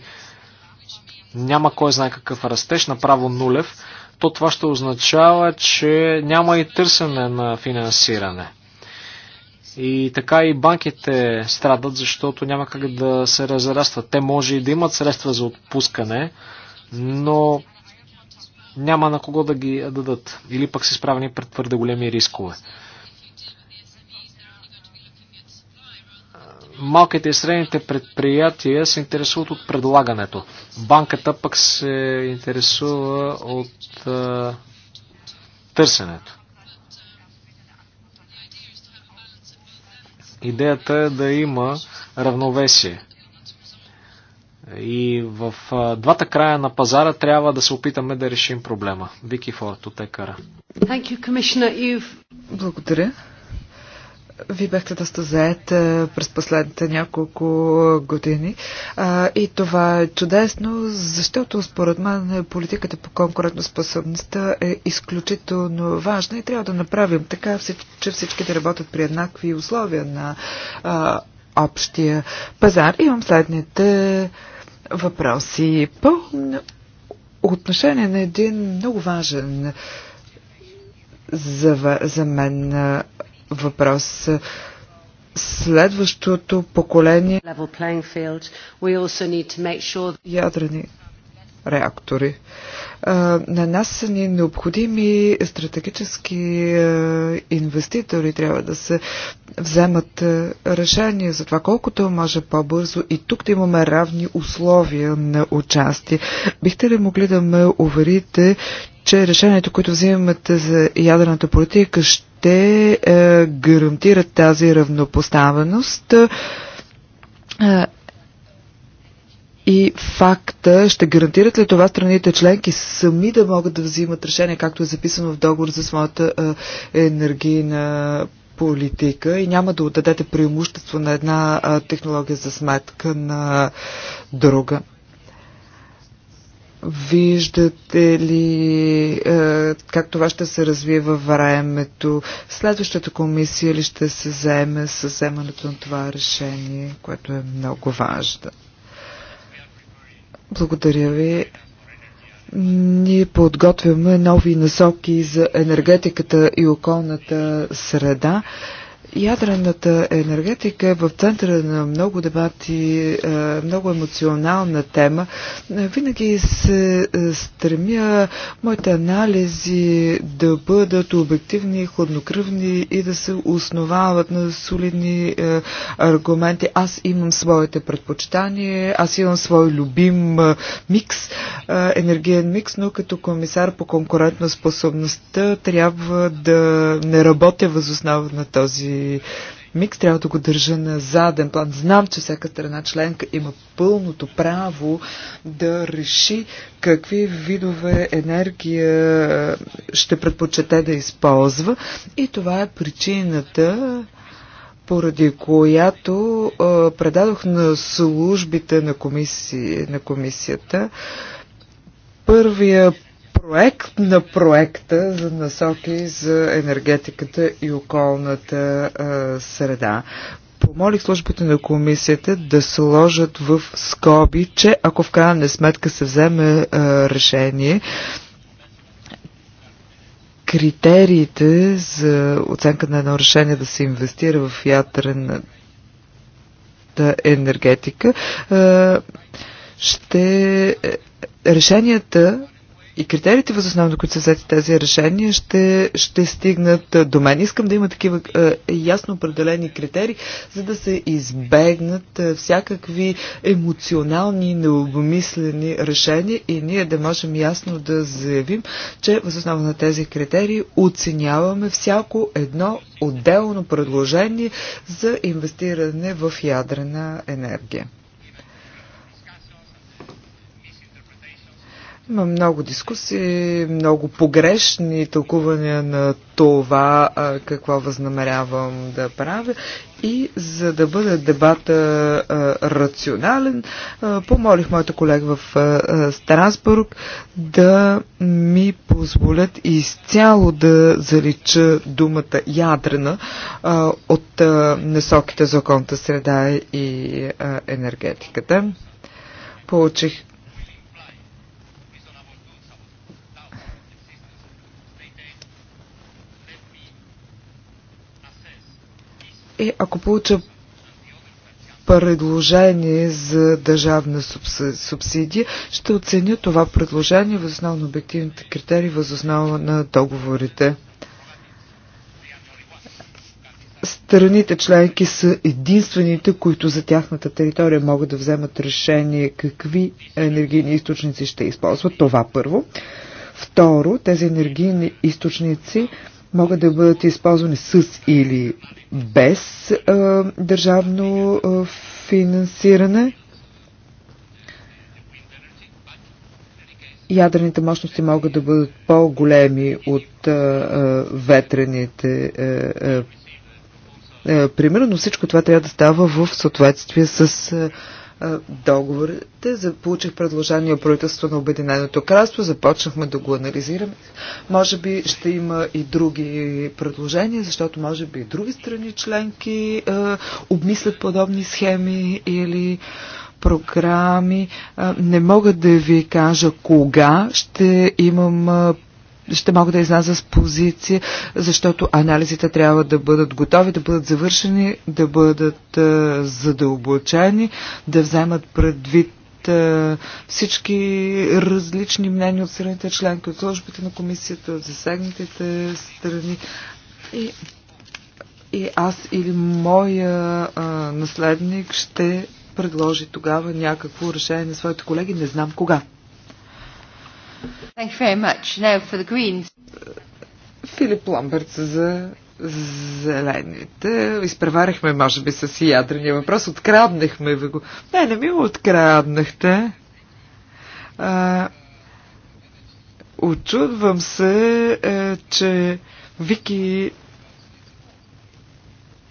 няма кой знае какъв растеж, направо нулев, то това ще означава, че няма и търсене на финансиране. И така и банките страдат, защото няма как да се разрастват. Те може и да имат средства за отпускане, но няма на кого да ги дадат. Или пък са изправени пред твърде големи рискове. малките и средните предприятия се интересуват от предлагането. Банката пък се интересува от търсенето. Идеята е да има равновесие. И в а, двата края на пазара трябва да се опитаме да решим проблема. Вики Форд от Екара. Благодаря. Вие бяхте доста заед през последните няколко години а, и това е чудесно, защото според мен политиката по конкурентоспособността е изключително важна и трябва да направим така, че всички да работят при еднакви условия на а, общия пазар. Имам следните въпроси. По отношение на един много важен за, за мен въпрос. Следващото поколение ядрени реактори. На нас са ни необходими стратегически инвеститори. Трябва да се вземат решения за това колкото може по-бързо и тук да имаме равни условия на участие. Бихте ли могли да ме уверите, че решението, което взимате за ядрената политика, ще те е, гарантират тази равнопоставеност е, и факта, ще гарантират ли това страните членки сами да могат да взимат решение, както е записано в договор за своята е, енергийна политика и няма да отдадете преимущество на една е, технология за сметка на друга. Виждате ли е, как това ще се развие във времето? Следващата комисия ли ще се заеме с вземането на това решение, което е много важно? Благодаря ви. Ние подготвяме нови насоки за енергетиката и околната среда. Ядрената енергетика е в центъра на много дебати, е, много емоционална тема. Е, винаги се е, стремя моите анализи да бъдат обективни, хладнокръвни и да се основават на солидни аргументи. Аз имам своите предпочитания, аз имам свой любим микс, енергиен микс, но като комисар по конкурентна способността трябва да не работя възоснова на този микс трябва да го държа на заден план. Знам, че всяка страна членка има пълното право да реши какви видове енергия ще предпочете да използва и това е причината поради която а, предадох на службите на, комисии, на комисията първия проект на проекта за насоки за енергетиката и околната а, среда. Помолих службите на комисията да се ложат в скоби, че ако в крайна сметка се вземе а, решение, критериите за оценка на едно решение да се инвестира в ядрената енергетика а, ще е, решенията и критериите, въз на които са взети тези решения, ще, ще стигнат до мен. Искам да има такива е, ясно определени критерии, за да се избегнат е, всякакви емоционални, необмислени решения и ние да можем ясно да заявим, че въз основа на тези критерии оценяваме всяко едно отделно предложение за инвестиране в ядрена енергия. Има много дискусии, много погрешни тълкувания на това какво възнамерявам да правя. И за да бъде дебата рационален, помолих моята колега в Страсбург да ми позволят изцяло да залича думата ядрена от насоките за околната среда и енергетиката. Получих Е, ако получа предложение за държавна субсидия, ще оценя това предложение въз основа на обективните критерии, въз основа на договорите. Страните членки са единствените, които за тяхната територия могат да вземат решение какви енергийни източници ще използват. Това първо. Второ, тези енергийни източници могат да бъдат използвани с или без а, държавно а, финансиране. Ядрените мощности могат да бъдат по-големи от а, а, ветрените. А, а, примерно, но всичко това трябва да става в съответствие с а, договорите. Получих предложение от правителство на Обединеното кралство, започнахме да го анализираме. Може би ще има и други предложения, защото може би и други страни членки обмислят подобни схеми или програми. Не мога да ви кажа кога ще имам ще мога да изляза с позиция, защото анализите трябва да бъдат готови, да бъдат завършени, да бъдат а, е, задълбочени, да вземат предвид е, всички различни мнения от страните членки, от службите на комисията, от засегнатите страни. И, и аз или моя а, е, наследник ще предложи тогава някакво решение на своите колеги. Не знам кога. Thank you very much. Now for the Greens. Филип Ламбърт за зелените. Изпреварихме, може би, с ядрения въпрос. Откраднахме ви го. Не, не ми го откраднахте. А, очудвам се, е, че Вики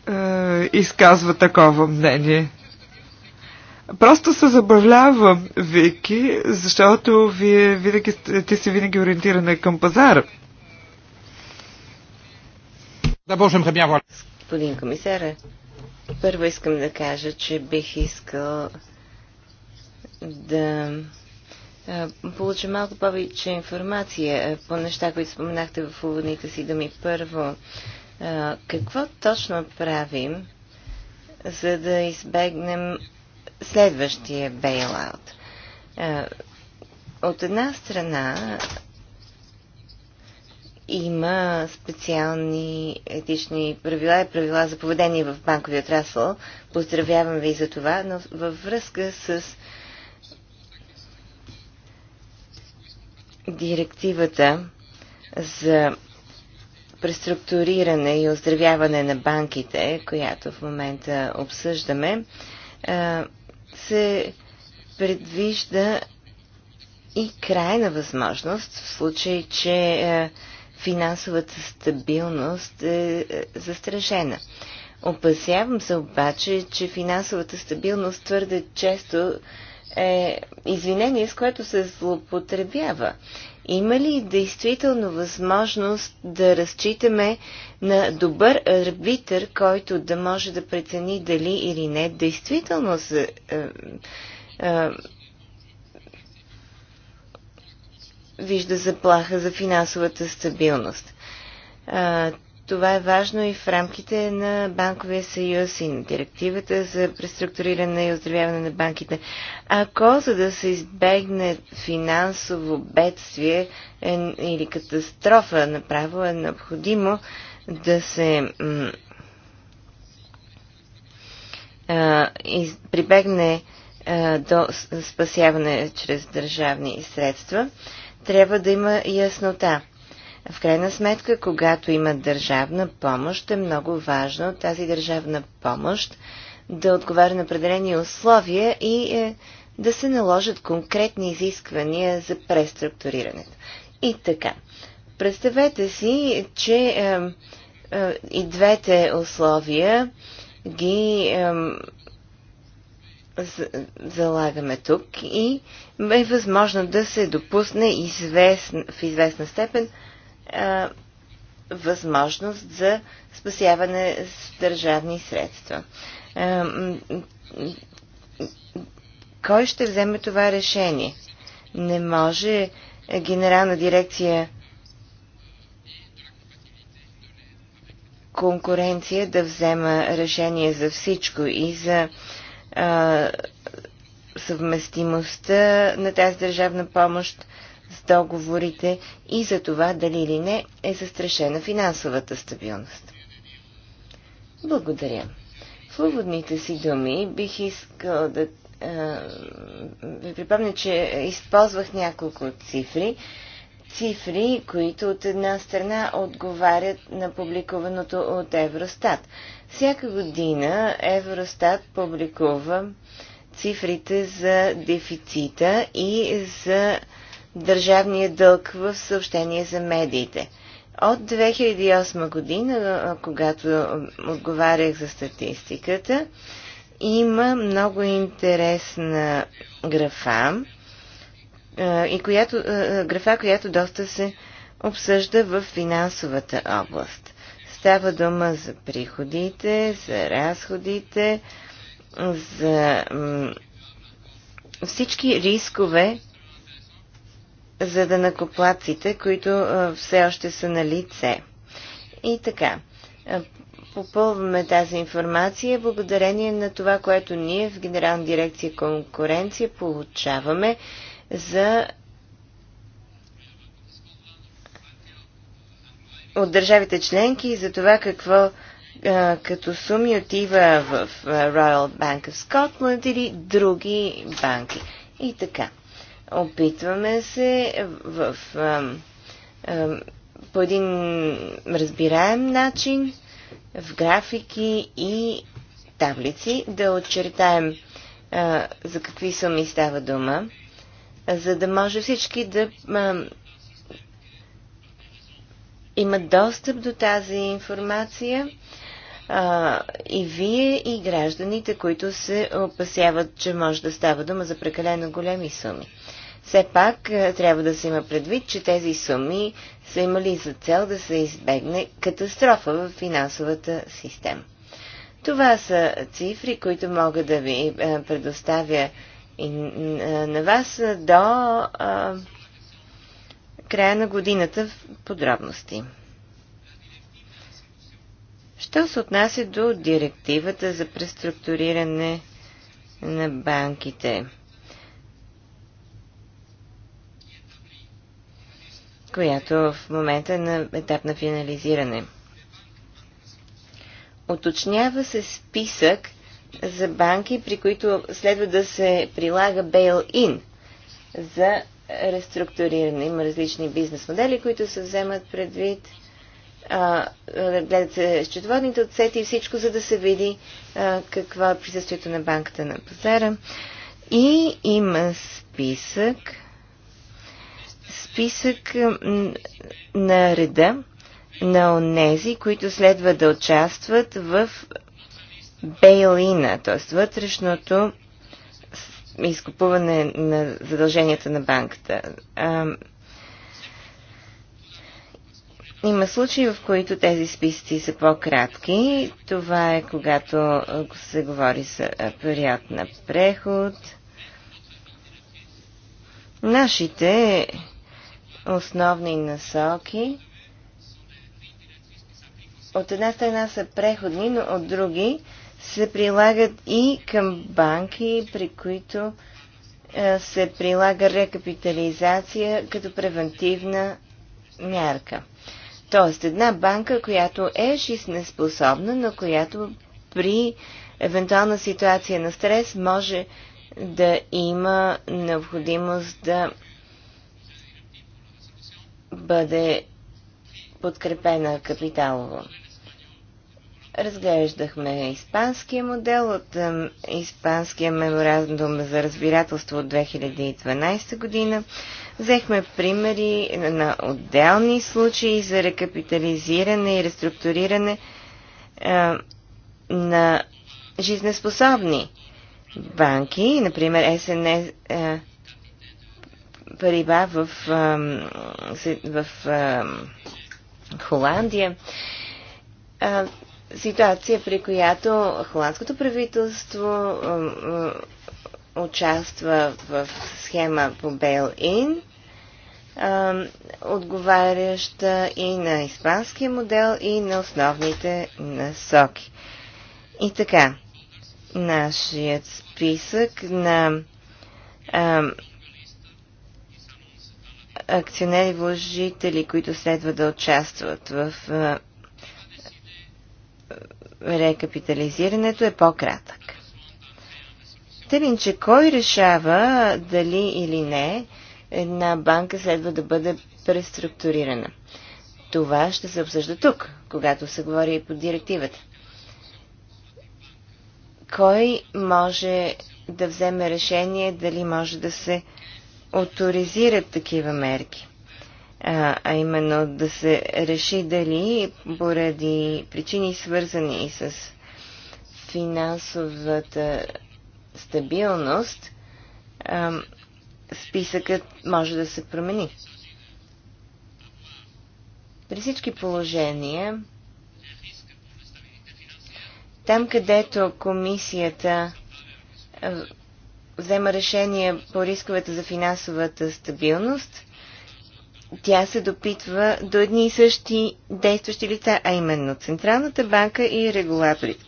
е, изказва такова мнение. Просто се забавлявам, Вики, защото вие винаги, ти си винаги ориентирана към пазара. Да, Боже, Господин комисар, първо искам да кажа, че бих искал да получа малко повече информация по неща, които споменахте в уводните си думи. Първо, какво точно правим, за да избегнем следващия бейлаут. Е, от една страна има специални етични правила и правила за поведение в банковия отрасъл. Поздравявам ви за това, но във връзка с директивата за преструктуриране и оздравяване на банките, която в момента обсъждаме, е, се предвижда и крайна възможност в случай, че е, финансовата стабилност е, е застрашена. Опасявам се обаче, че финансовата стабилност твърде често е извинение, с което се злоупотребява. Има ли действително възможност да разчитаме на добър арбитър, който да може да прецени дали или не действително се е, вижда заплаха за финансовата стабилност? Е, това е важно и в рамките на Банковия съюз и на директивата за преструктуриране и оздравяване на банките. Ако за да се избегне финансово бедствие е, или катастрофа направо е необходимо да се а, из, прибегне а, до спасяване чрез държавни средства, трябва да има яснота. В крайна сметка, когато има държавна помощ, е много важно тази държавна помощ да отговаря на определени условия и е, да се наложат конкретни изисквания за преструктурирането. И така, представете си, че е, е, и двете условия ги е, залагаме тук и е възможно да се допусне известна, в известна степен а, възможност за спасяване с държавни средства. А, кой ще вземе това решение? Не може генерална дирекция конкуренция да взема решение за всичко и за а, съвместимостта на тази държавна помощ с договорите и за това дали или не е застрашена финансовата стабилност. Благодаря. В уводните си думи бих искал да а, ви припомня, че използвах няколко цифри. Цифри, които от една страна отговарят на публикуваното от Евростат. Всяка година Евростат публикува цифрите за дефицита и за държавния дълг в съобщение за медиите. От 2008 година, когато отговарях за статистиката, има много интересна графа, и която, графа, която доста се обсъжда в финансовата област. Става дума за приходите, за разходите, за всички рискове, за данакоплаците, които все още са на лице. И така, попълваме тази информация благодарение на това, което ние в Генерална дирекция конкуренция получаваме за от държавите членки и за това какво като суми отива в Royal Bank of Scotland или други банки. И така. Опитваме се в, в, в, по един разбираем начин в графики и таблици да отчертаем а, за какви суми става дума, за да може всички да а, имат достъп до тази информация а, и вие и гражданите, които се опасяват, че може да става дума за прекалено големи суми. Все пак е, трябва да се има предвид, че тези суми са имали за цел да се избегне катастрофа в финансовата система. Това са цифри, които мога да ви е, предоставя и е, на вас до края на годината в подробности. Що се отнася до директивата за преструктуриране на банките? която в момента е на етап на финализиране. Оточнява се списък за банки, при които следва да се прилага бейл-ин за реструктуриране. Има различни бизнес модели, които се вземат предвид. А, гледат се счетоводните отсети и всичко, за да се види а, какво е присъствието на банката на пазара. И има списък списък на реда на онези, които следва да участват в бейлина, т.е. вътрешното изкупуване на задълженията на банката. има случаи, в които тези списъци са по-кратки. Това е когато се говори за период на преход. Нашите основни насоки. От една страна са преходни, но от други се прилагат и към банки, при които е, се прилага рекапитализация като превентивна мярка. Тоест една банка, която е жизнеспособна, но която при евентуална ситуация на стрес може да има необходимост да бъде подкрепена капиталово. Разглеждахме испанския модел от испанския меморандум за разбирателство от 2012 година. Взехме примери на отделни случаи за рекапитализиране и реструктуриране на жизнеспособни банки, например СНС, Париба в, в, в Холандия. Ситуация, при която холандското правителство участва в схема по Бейл-Ин, отговаряща и на испанския модел, и на основните насоки. И така, нашият списък на акционери вложители, които следва да участват в рекапитализирането е по-кратък. Тъй, кой решава дали или не една банка следва да бъде преструктурирана? Това ще се обсъжда тук, когато се говори и по директивата. Кой може да вземе решение дали може да се авторизират такива мерки. А, а именно да се реши дали поради причини свързани с финансовата стабилност а, списъкът може да се промени. При всички положения, там където комисията взема решение по рисковете за финансовата стабилност, тя се допитва до едни и същи действащи лица, а именно Централната банка и регулаторите.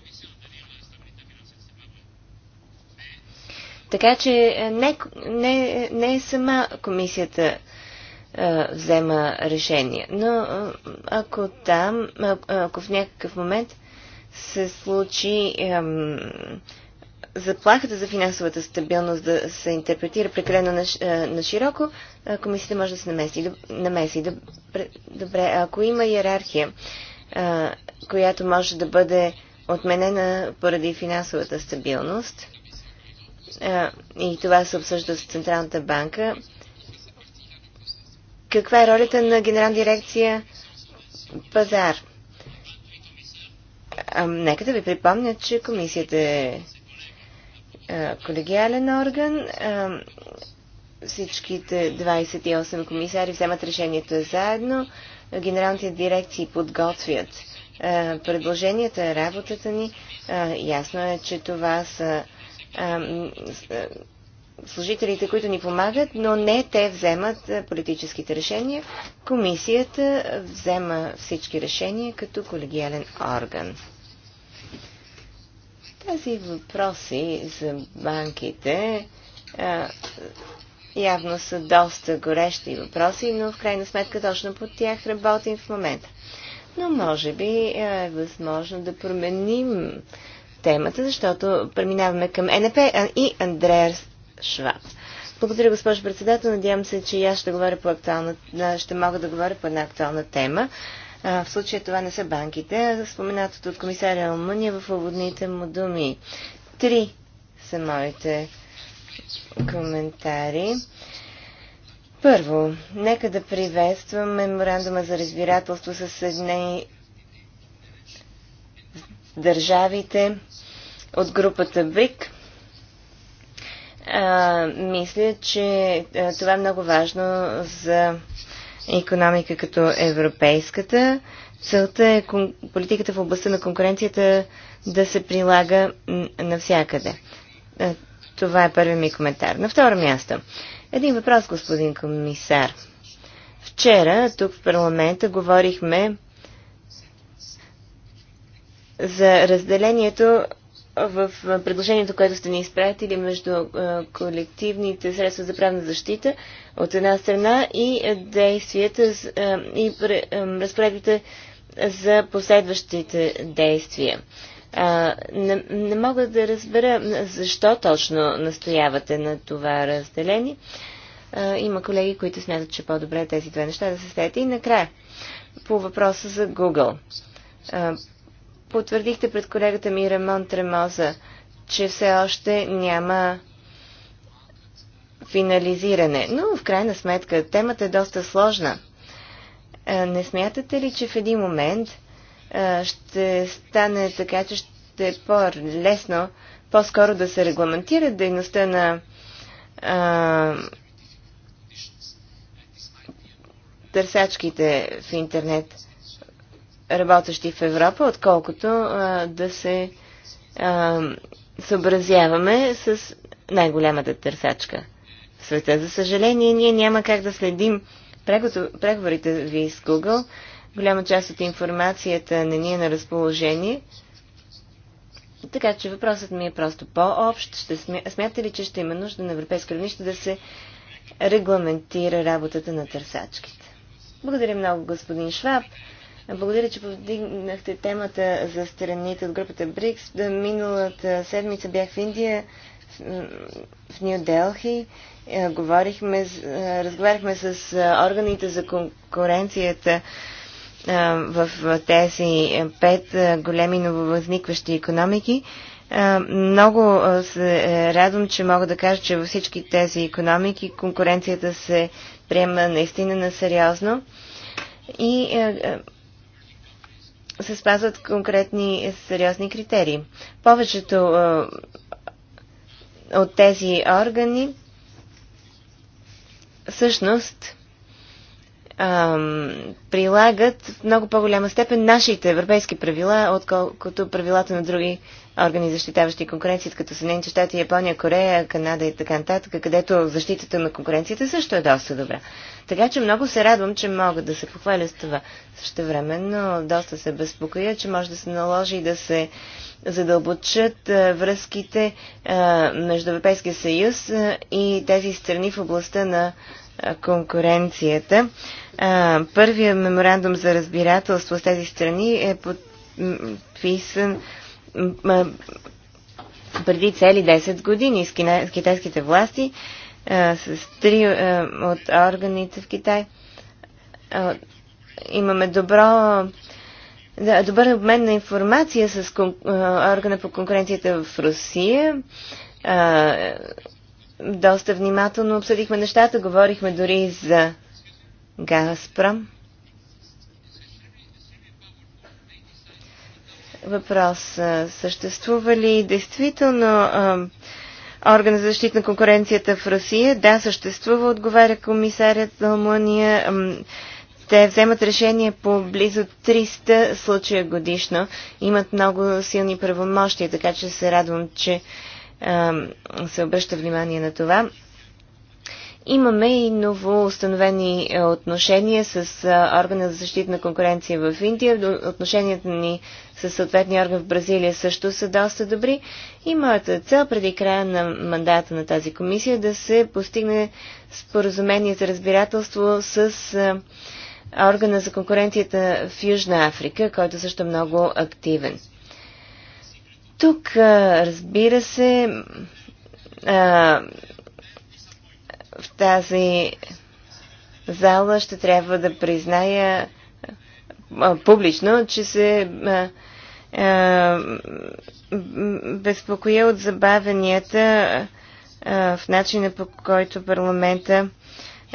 Така че е, не, не, не сама комисията а, е, взема решение. Но е, ако там, ако в някакъв момент се случи заплахата за финансовата стабилност да се интерпретира прекалено на широко, комисията може да се намеси. намеси. Добре, ако има иерархия, която може да бъде отменена поради финансовата стабилност, и това се обсъжда с Централната банка, каква е ролята на Генерална дирекция пазар? А, нека да ви припомня, че комисията е е, колегиален орган. Е, всичките 28 комисари вземат решението заедно. Генералните дирекции подготвят е, предложенията, работата ни. Ясно е, че това са служителите, които ни помагат, но не те вземат политическите решения. Комисията взема всички решения като колегиален орган. Тези въпроси за банките а, явно са доста горещи въпроси, но в крайна сметка точно по тях работим в момента. Но може би е възможно да променим темата, защото преминаваме към НП и Андреас Шват. Благодаря, госпожо председател. Надявам се, че аз ще, говоря по актуална, ще мога да говоря по една актуална тема в случая това не са банките, а споменатото от комисаря Алмъния е в уводните му думи. Три са моите коментари. Първо, нека да приветствам меморандума за разбирателство с едни държавите от групата БРИК. А, мисля, че това е много важно за економика като европейската. Целта е политиката в областта на конкуренцията да се прилага навсякъде. Е, това е първи ми коментар. На второ място. Един въпрос, господин комисар. Вчера тук в парламента говорихме за разделението в предложението, което сте ни изпратили между е, колективните средства за правна защита от една страна и действията е, и е, разпоредбите за последващите действия. А, не, не мога да разбера защо точно настоявате на това разделение. А, има колеги, които смятат, че по-добре тези две неща да се стеят. И накрая, по въпроса за Google. А, потвърдихте пред колегата ми Рамон Тремоза, че все още няма финализиране. Но в крайна сметка темата е доста сложна. Не смятате ли, че в един момент ще стане така, че ще е по-лесно, по-скоро да се регламентира дейността на а, търсачките в интернет? работещи в Европа, отколкото а, да се а, съобразяваме с най-голямата търсачка в света. За съжаление, ние няма как да следим преговорите ви с Google. Голяма част от информацията не ни е на разположение. Така че въпросът ми е просто по-общ. Ще Смятате ли, че ще има нужда на европейско равнище да се регламентира работата на търсачките? Благодаря много, господин Шваб. Благодаря, че повдигнахте темата за страните от групата БРИКС. Миналата седмица бях в Индия, в Нью Делхи. Е, говорихме, е, разговаряхме с е, органите за конкуренцията в тези пет големи нововъзникващи економики. Много се радвам, че мога да кажа, че във всички тези економики конкуренцията се приема наистина на сериозно. И се спазват конкретни сериозни критерии. Повечето от тези органи всъщност прилагат в много по-голяма степен нашите европейски правила, отколкото правилата на други органи, защитаващи конкуренцията, като Съединените щати, Япония, Корея, Канада и така нататък, където защитата на конкуренцията също е доста добра. Така че много се радвам, че мога да се похваля с това. Също време, но доста се безпокоя, че може да се наложи да се задълбочат връзките между Европейския съюз и тези страни в областта на конкуренцията. Първият меморандум за разбирателство с тези страни е подписан преди цели 10 години с китайските власти, с три от органите в Китай. Имаме добро да, добър обмен на информация с органа по конкуренцията в Русия. доста внимателно обсъдихме нещата, говорихме дори за Газпром. въпрос. Съществува ли действително орган за защита на конкуренцията в Русия? Да, съществува, отговаря комисарят за Алмания. Те вземат решение по близо 300 случая годишно. Имат много силни правомощия, така че се радвам, че се обръща внимание на това. Имаме и новоустановени е, отношения с е, органа за защита на конкуренция в Индия. Отношенията ни с съответния орган в Бразилия също са доста добри. И моята цел преди края на мандата на тази комисия е да се постигне споразумение за разбирателство с органа за конкуренцията в Южна Африка, който също е много активен. Тук, разбира се, в тази зала ще трябва да призная публично, че се безпокоя от забавенията в начина по който парламента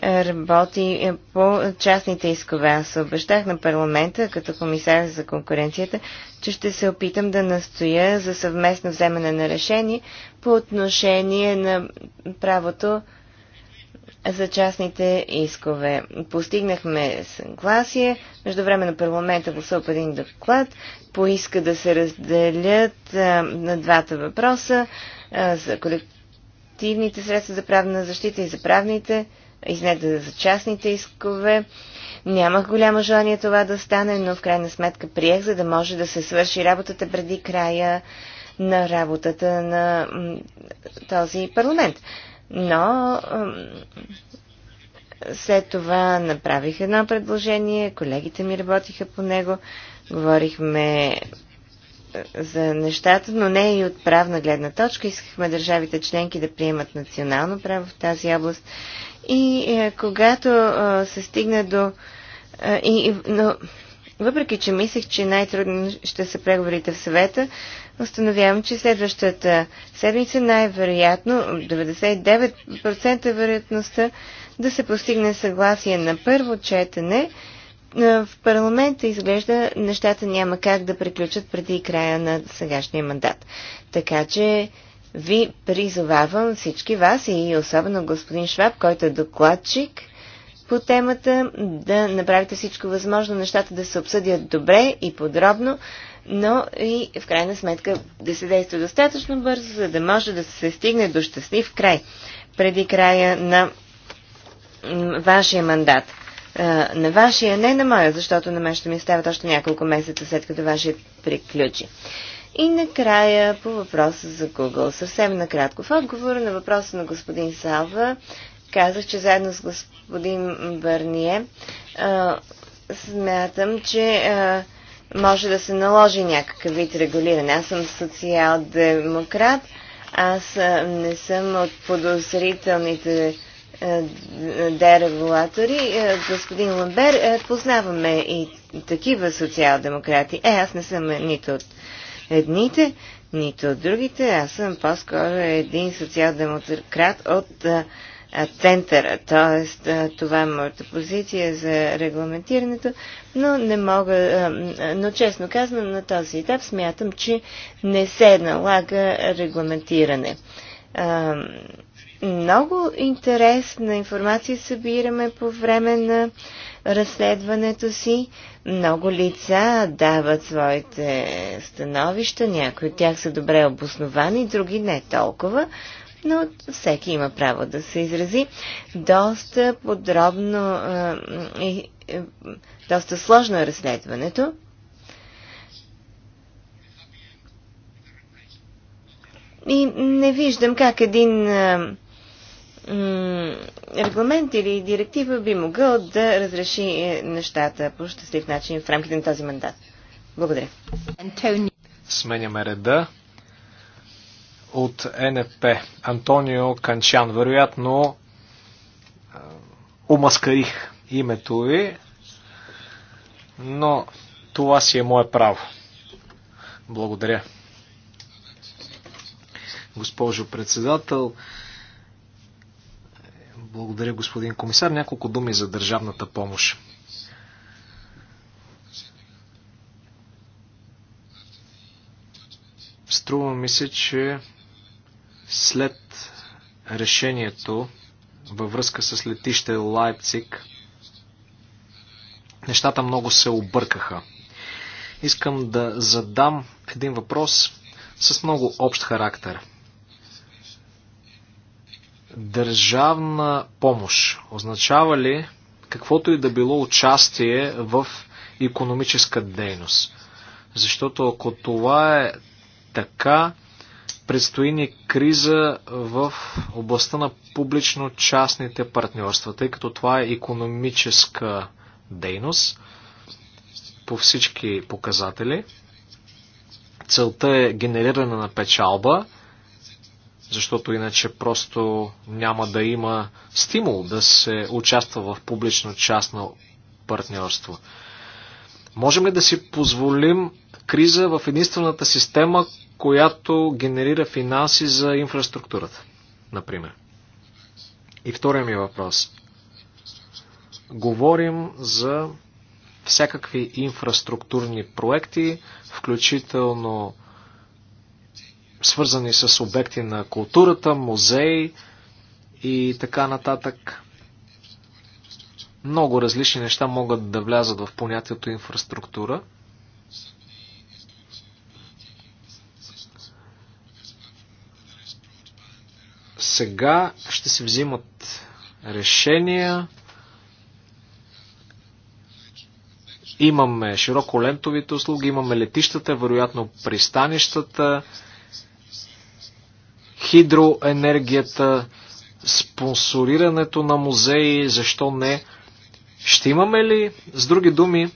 работи по частните искове. Аз се обещах на парламента, като комисар за конкуренцията, че ще се опитам да настоя за съвместно вземане на решение по отношение на правото за частните искове. Постигнахме съгласие. Между време на парламента гласува по един доклад. Поиска да се разделят а, на двата въпроса а, за колективните средства за правна защита и за правните, изнете за частните искове. Нямах голямо желание това да стане, но в крайна сметка приех, за да може да се свърши работата преди края на работата на този парламент. Но след това направих едно предложение, колегите ми работиха по него, говорихме е, за нещата, но не и от правна гледна точка. Искахме държавите членки да приемат национално право в тази област. И е, когато се стигна до. и, но, въпреки, че мислех, че най-трудно ще са преговорите в съвета, установявам, че следващата седмица най-вероятно 99% вероятността да се постигне съгласие на първо четене. В парламента изглежда нещата няма как да приключат преди края на сегашния мандат. Така че ви призовавам всички вас и особено господин Шваб, който е докладчик – по темата, да направите всичко възможно нещата да се обсъдят добре и подробно, но и в крайна сметка да се действа достатъчно бързо, за да може да се стигне до щастлив край преди края на вашия мандат. На вашия, не на моя, защото на мен ще ми стават още няколко месеца след като вашия приключи. И накрая по въпроса за Google. Съвсем накратко. В отговор на въпроса на господин Салва, казах, че заедно с господин Бърние а, смятам, че а, може да се наложи някакъв вид регулиране. Аз съм социал-демократ, аз а, не съм от подозрителните дерегулатори. Господин Ламбер, познаваме и такива социал-демократи. Е, аз не съм нито от едните, нито от другите. Аз съм по-скоро един социал-демократ от центъра, т.е. това е моята позиция за регламентирането, но не мога, но честно казвам, на този етап смятам, че не се налага регламентиране. Много интересна информация събираме по време на разследването си. Много лица дават своите становища, някои от тях са добре обосновани, други не толкова но всеки има право да се изрази. Доста подробно и е, е, доста сложно е разследването. И не виждам как един е, регламент или директива би могъл да разреши е, нещата по щастлив начин в рамките на този мандат. Благодаря. Сменяме реда от НП, Антонио Канчан. Вероятно, омаскарих името ви, но това си е мое право. Благодаря. Госпожо председател, благодаря господин комисар. Няколко думи за държавната помощ. Струва ми се, че след решението във връзка с летище Лайпциг, нещата много се объркаха. Искам да задам един въпрос с много общ характер. Държавна помощ означава ли каквото и да било участие в економическа дейност? Защото ако това е така, Предстои ни криза в областта на публично-частните партньорства, тъй като това е економическа дейност по всички показатели. Целта е генериране на печалба, защото иначе просто няма да има стимул да се участва в публично-частно партньорство. Можем ли да си позволим криза в единствената система, която генерира финанси за инфраструктурата, например. И втория ми въпрос. Говорим за всякакви инфраструктурни проекти, включително свързани с обекти на културата, музеи и така нататък. Много различни неща могат да влязат в понятието инфраструктура – Сега ще се взимат решения. Имаме широколентовите услуги, имаме летищата, вероятно пристанищата, хидроенергията, спонсорирането на музеи, защо не. Ще имаме ли, с други думи,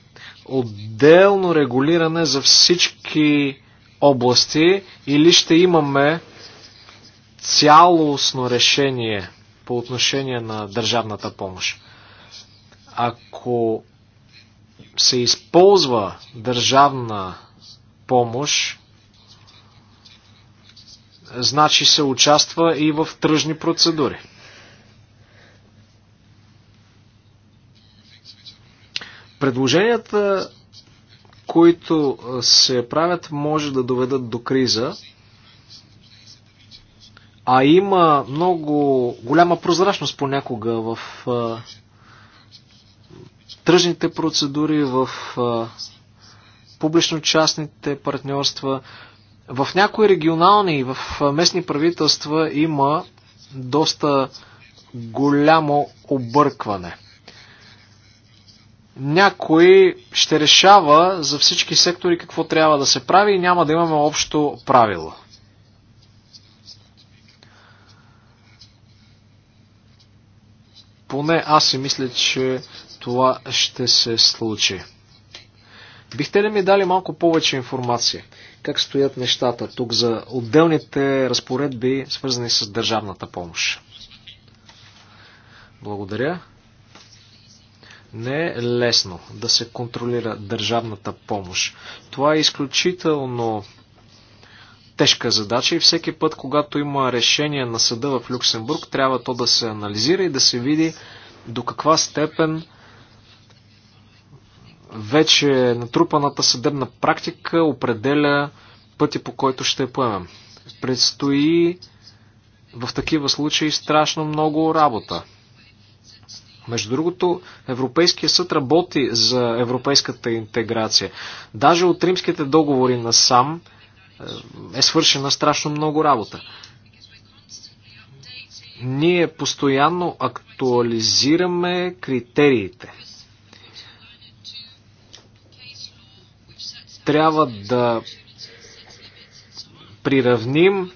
отделно регулиране за всички области или ще имаме цялостно решение по отношение на държавната помощ. Ако се използва държавна помощ, значи се участва и в тръжни процедури. Предложенията, които се правят, може да доведат до криза. А има много голяма прозрачност понякога в а, тръжните процедури, в а, публично-частните партньорства. В някои регионални и в местни правителства има доста голямо объркване. Някой ще решава за всички сектори какво трябва да се прави и няма да имаме общо правило. Поне аз си мисля, че това ще се случи. Бихте ли ми дали малко повече информация? Как стоят нещата тук за отделните разпоредби, свързани с държавната помощ? Благодаря. Не е лесно да се контролира държавната помощ. Това е изключително тежка задача и всеки път, когато има решение на съда в Люксембург, трябва то да се анализира и да се види до каква степен вече натрупаната съдебна практика определя пъти по който ще поемем. Предстои в такива случаи страшно много работа. Между другото, Европейския съд работи за европейската интеграция. Даже от римските договори на сам е свършена страшно много работа. Ние постоянно актуализираме критериите. Трябва да приравним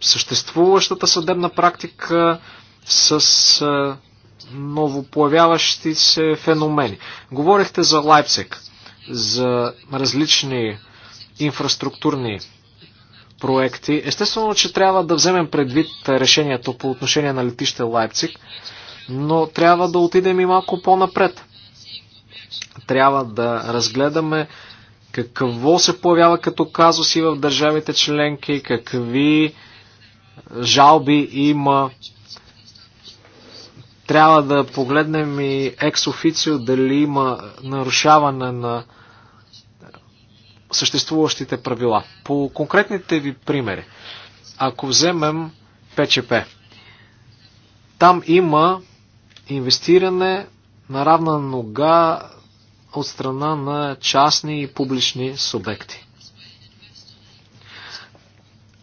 съществуващата съдебна практика с новопоявяващи се феномени. Говорихте за Лайпциг, за различни инфраструктурни проекти. Естествено, че трябва да вземем предвид решението по отношение на летище Лайпциг, но трябва да отидем и малко по-напред. Трябва да разгледаме какво се появява като казуси в държавите членки, какви жалби има. Трябва да погледнем и екс официо дали има нарушаване на съществуващите правила. По конкретните ви примери, ако вземем ПЧП, там има инвестиране на равна нога от страна на частни и публични субекти.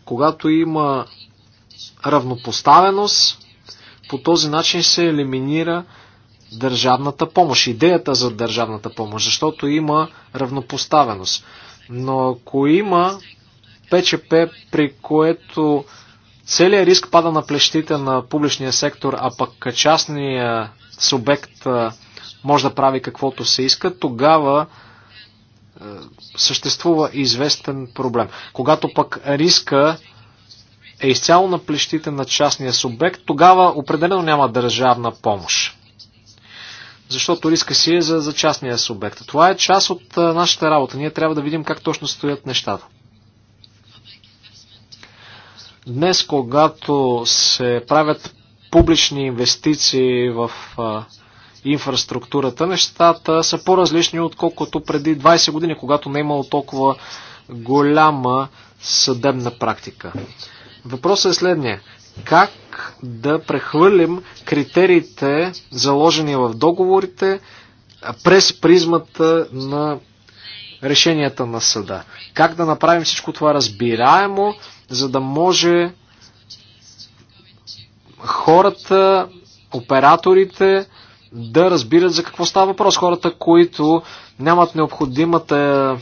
Когато има равнопоставеност, по този начин се елиминира държавната помощ, идеята за държавната помощ, защото има равнопоставеност. Но ако има ПЧП, при което целият риск пада на плещите на публичния сектор, а пък частния субект може да прави каквото се иска, тогава съществува известен проблем. Когато пък риска е изцяло на плещите на частния субект, тогава определено няма държавна помощ защото риска си е за, за частния субект. Това е част от а, нашата работа. Ние трябва да видим как точно стоят нещата. Днес, когато се правят публични инвестиции в а, инфраструктурата, нещата са по-различни, отколкото преди 20 години, когато не е имало толкова голяма съдебна практика. Въпросът е следния как да прехвърлим критериите, заложени в договорите, през призмата на решенията на съда. Как да направим всичко това разбираемо, за да може хората, операторите да разбират за какво става въпрос. Хората, които нямат необходимата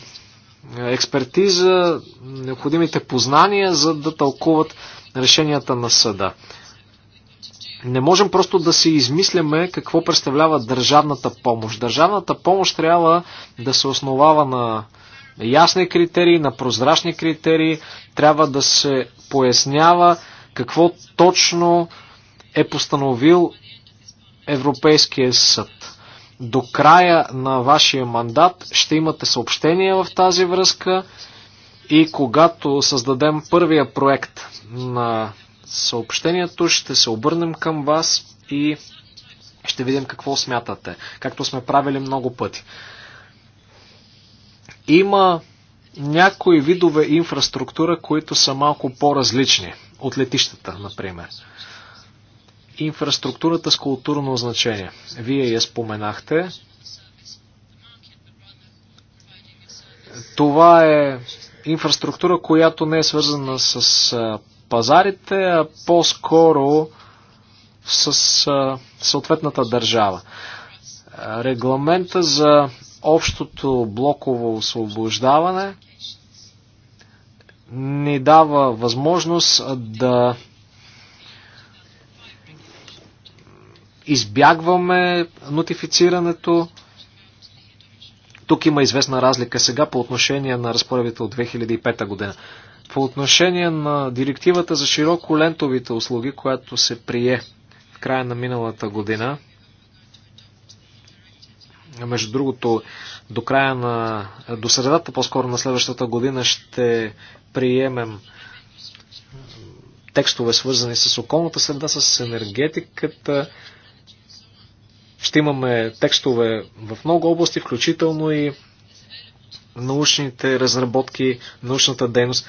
е, експертиза, необходимите познания, за да тълкуват решенията на съда. Не можем просто да си измисляме какво представлява държавната помощ. Държавната помощ трябва да се основава на ясни критерии, на прозрачни критерии, трябва да се пояснява какво точно е постановил Европейския съд. До края на вашия мандат ще имате съобщение в тази връзка. И когато създадем първия проект на съобщението, ще се обърнем към вас и ще видим какво смятате, както сме правили много пъти. Има някои видове инфраструктура, които са малко по-различни от летищата, например. Инфраструктурата с културно значение. Вие я споменахте. Това е инфраструктура, която не е свързана с пазарите, а по-скоро с съответната държава. Регламента за общото блоково освобождаване ни дава възможност да избягваме нотифицирането тук има известна разлика сега по отношение на разпоредбите от 2005 година. По отношение на директивата за широко лентовите услуги, която се прие в края на миналата година, между другото, до края на, до средата по-скоро на следващата година ще приемем текстове свързани с околната среда, с енергетиката, ще имаме текстове в много области, включително и научните разработки, научната дейност.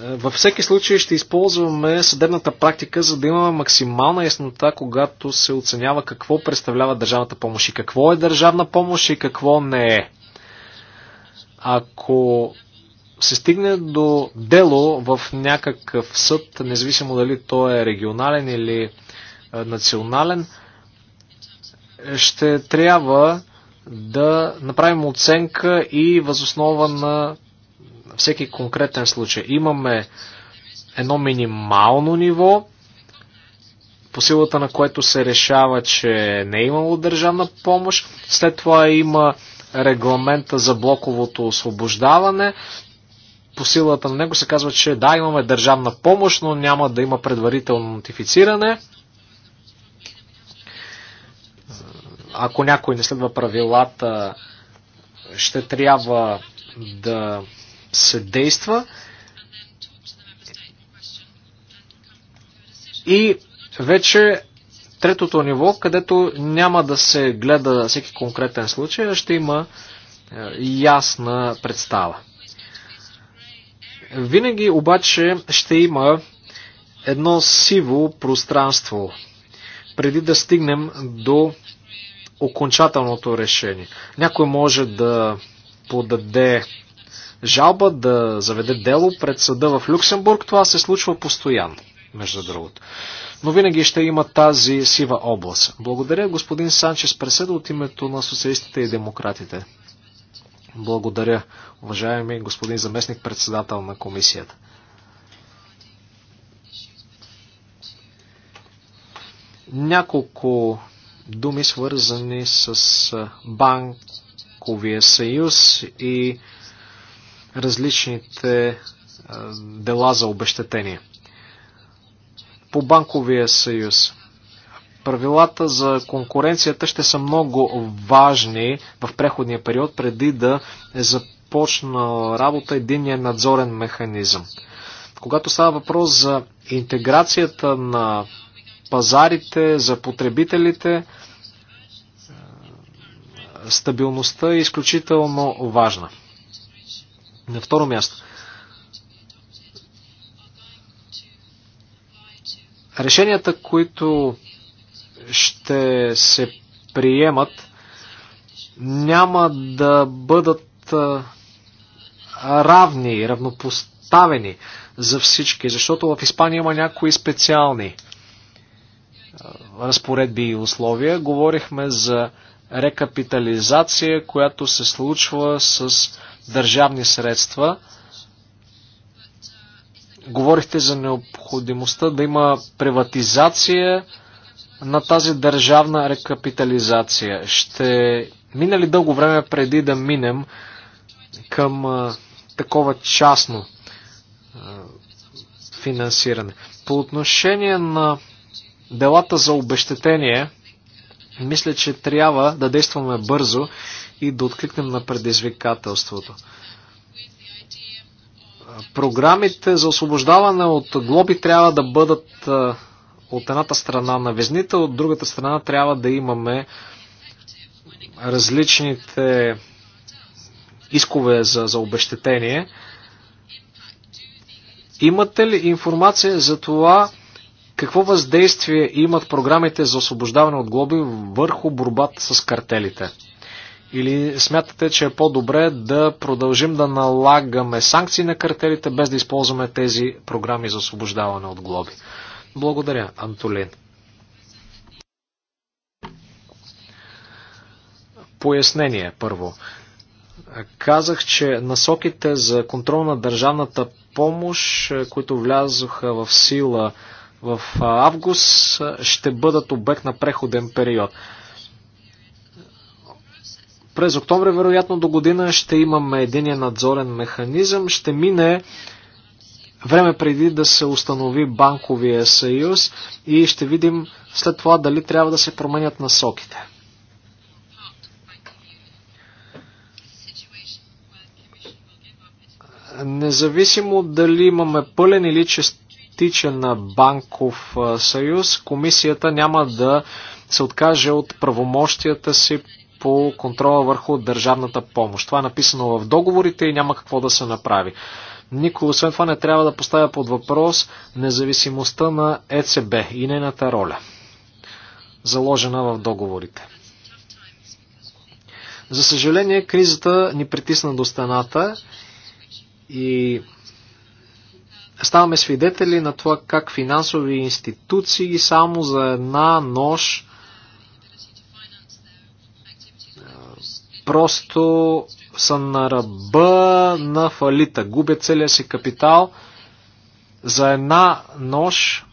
Във всеки случай ще използваме съдебната практика, за да имаме максимална яснота, когато се оценява какво представлява държавната помощ и какво е държавна помощ и какво не е. Ако се стигне до дело в някакъв съд, независимо дали то е регионален или е, национален, ще трябва да направим оценка и възоснова на всеки конкретен случай. Имаме едно минимално ниво, по силата на което се решава, че не е имало държавна помощ. След това има регламента за блоковото освобождаване. По силата на него се казва, че да, имаме държавна помощ, но няма да има предварително нотифициране. ако някой не следва правилата, ще трябва да се действа. И вече третото ниво, където няма да се гледа всеки конкретен случай, а ще има е, ясна представа. Винаги обаче ще има едно сиво пространство, преди да стигнем до окончателното решение. Някой може да подаде жалба, да заведе дело пред съда в Люксембург. Това се случва постоянно, между другото. Но винаги ще има тази сива област. Благодаря господин Санчес Преседа от името на социалистите и демократите. Благодаря, уважаеми господин заместник председател на комисията. Няколко думи, свързани с банковия съюз и различните дела за обещетение. По банковия съюз. Правилата за конкуренцията ще са много важни в преходния период, преди да е започнал работа единния надзорен механизъм. Когато става въпрос за интеграцията на пазарите, за потребителите. Стабилността е изключително важна. На второ място. Решенията, които ще се приемат, няма да бъдат равни, равнопоставени за всички, защото в Испания има някои специални разпоредби и условия. Говорихме за рекапитализация, която се случва с държавни средства. Говорихте за необходимостта да има приватизация на тази държавна рекапитализация. Ще мине ли дълго време преди да минем към а, такова частно а, финансиране? По отношение на делата за обещетение, мисля, че трябва да действаме бързо и да откликнем на предизвикателството. Програмите за освобождаване от глоби трябва да бъдат от едната страна на везните, от другата страна трябва да имаме различните искове за, за обещетение. Имате ли информация за това какво въздействие имат програмите за освобождаване от глоби върху борбата с картелите? Или смятате, че е по-добре да продължим да налагаме санкции на картелите, без да използваме тези програми за освобождаване от глоби? Благодаря, Антолин. Пояснение първо. Казах, че насоките за контрол на държавната помощ, които влязоха в сила в август ще бъдат обект на преходен период. През октомври, вероятно, до година ще имаме единия надзорен механизъм. Ще мине време преди да се установи банковия съюз и ще видим след това дали трябва да се променят насоките. Независимо дали имаме пълен или частичен автоматичен банков съюз, комисията няма да се откаже от правомощията си по контрола върху държавната помощ. Това е написано в договорите и няма какво да се направи. Никой, освен това, не трябва да поставя под въпрос независимостта на ЕЦБ и нейната роля, заложена в договорите. За съжаление, кризата ни притисна до стената и ставаме свидетели на това как финансови институции само за една нощ просто са на ръба на фалита, губят целия си капитал. За една нощ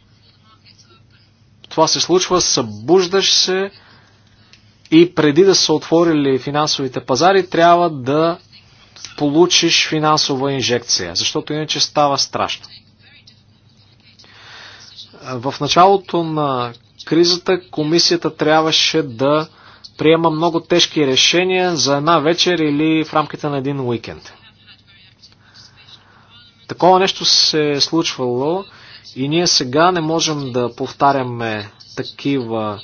това се случва, събуждаш се и преди да са отворили финансовите пазари, трябва да получиш финансова инжекция, защото иначе става страшно. В началото на кризата комисията трябваше да приема много тежки решения за една вечер или в рамките на един уикенд. Такова нещо се е случвало и ние сега не можем да повтаряме такива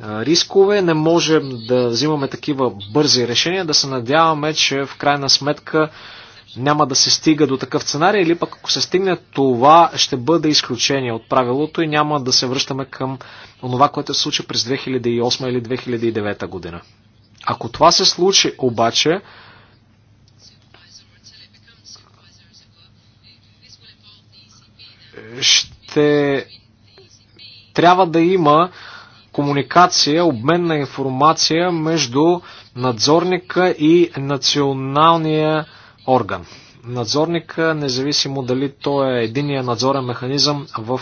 рискове, не можем да взимаме такива бързи решения, да се надяваме, че в крайна сметка няма да се стига до такъв сценарий или пък ако се стигне, това ще бъде изключение от правилото и няма да се връщаме към това, което се случи през 2008 или 2009 година. Ако това се случи обаче, ще трябва да има комуникация, обмен на информация между надзорника и националния орган. Надзорника, независимо дали той е единия надзорен механизъм в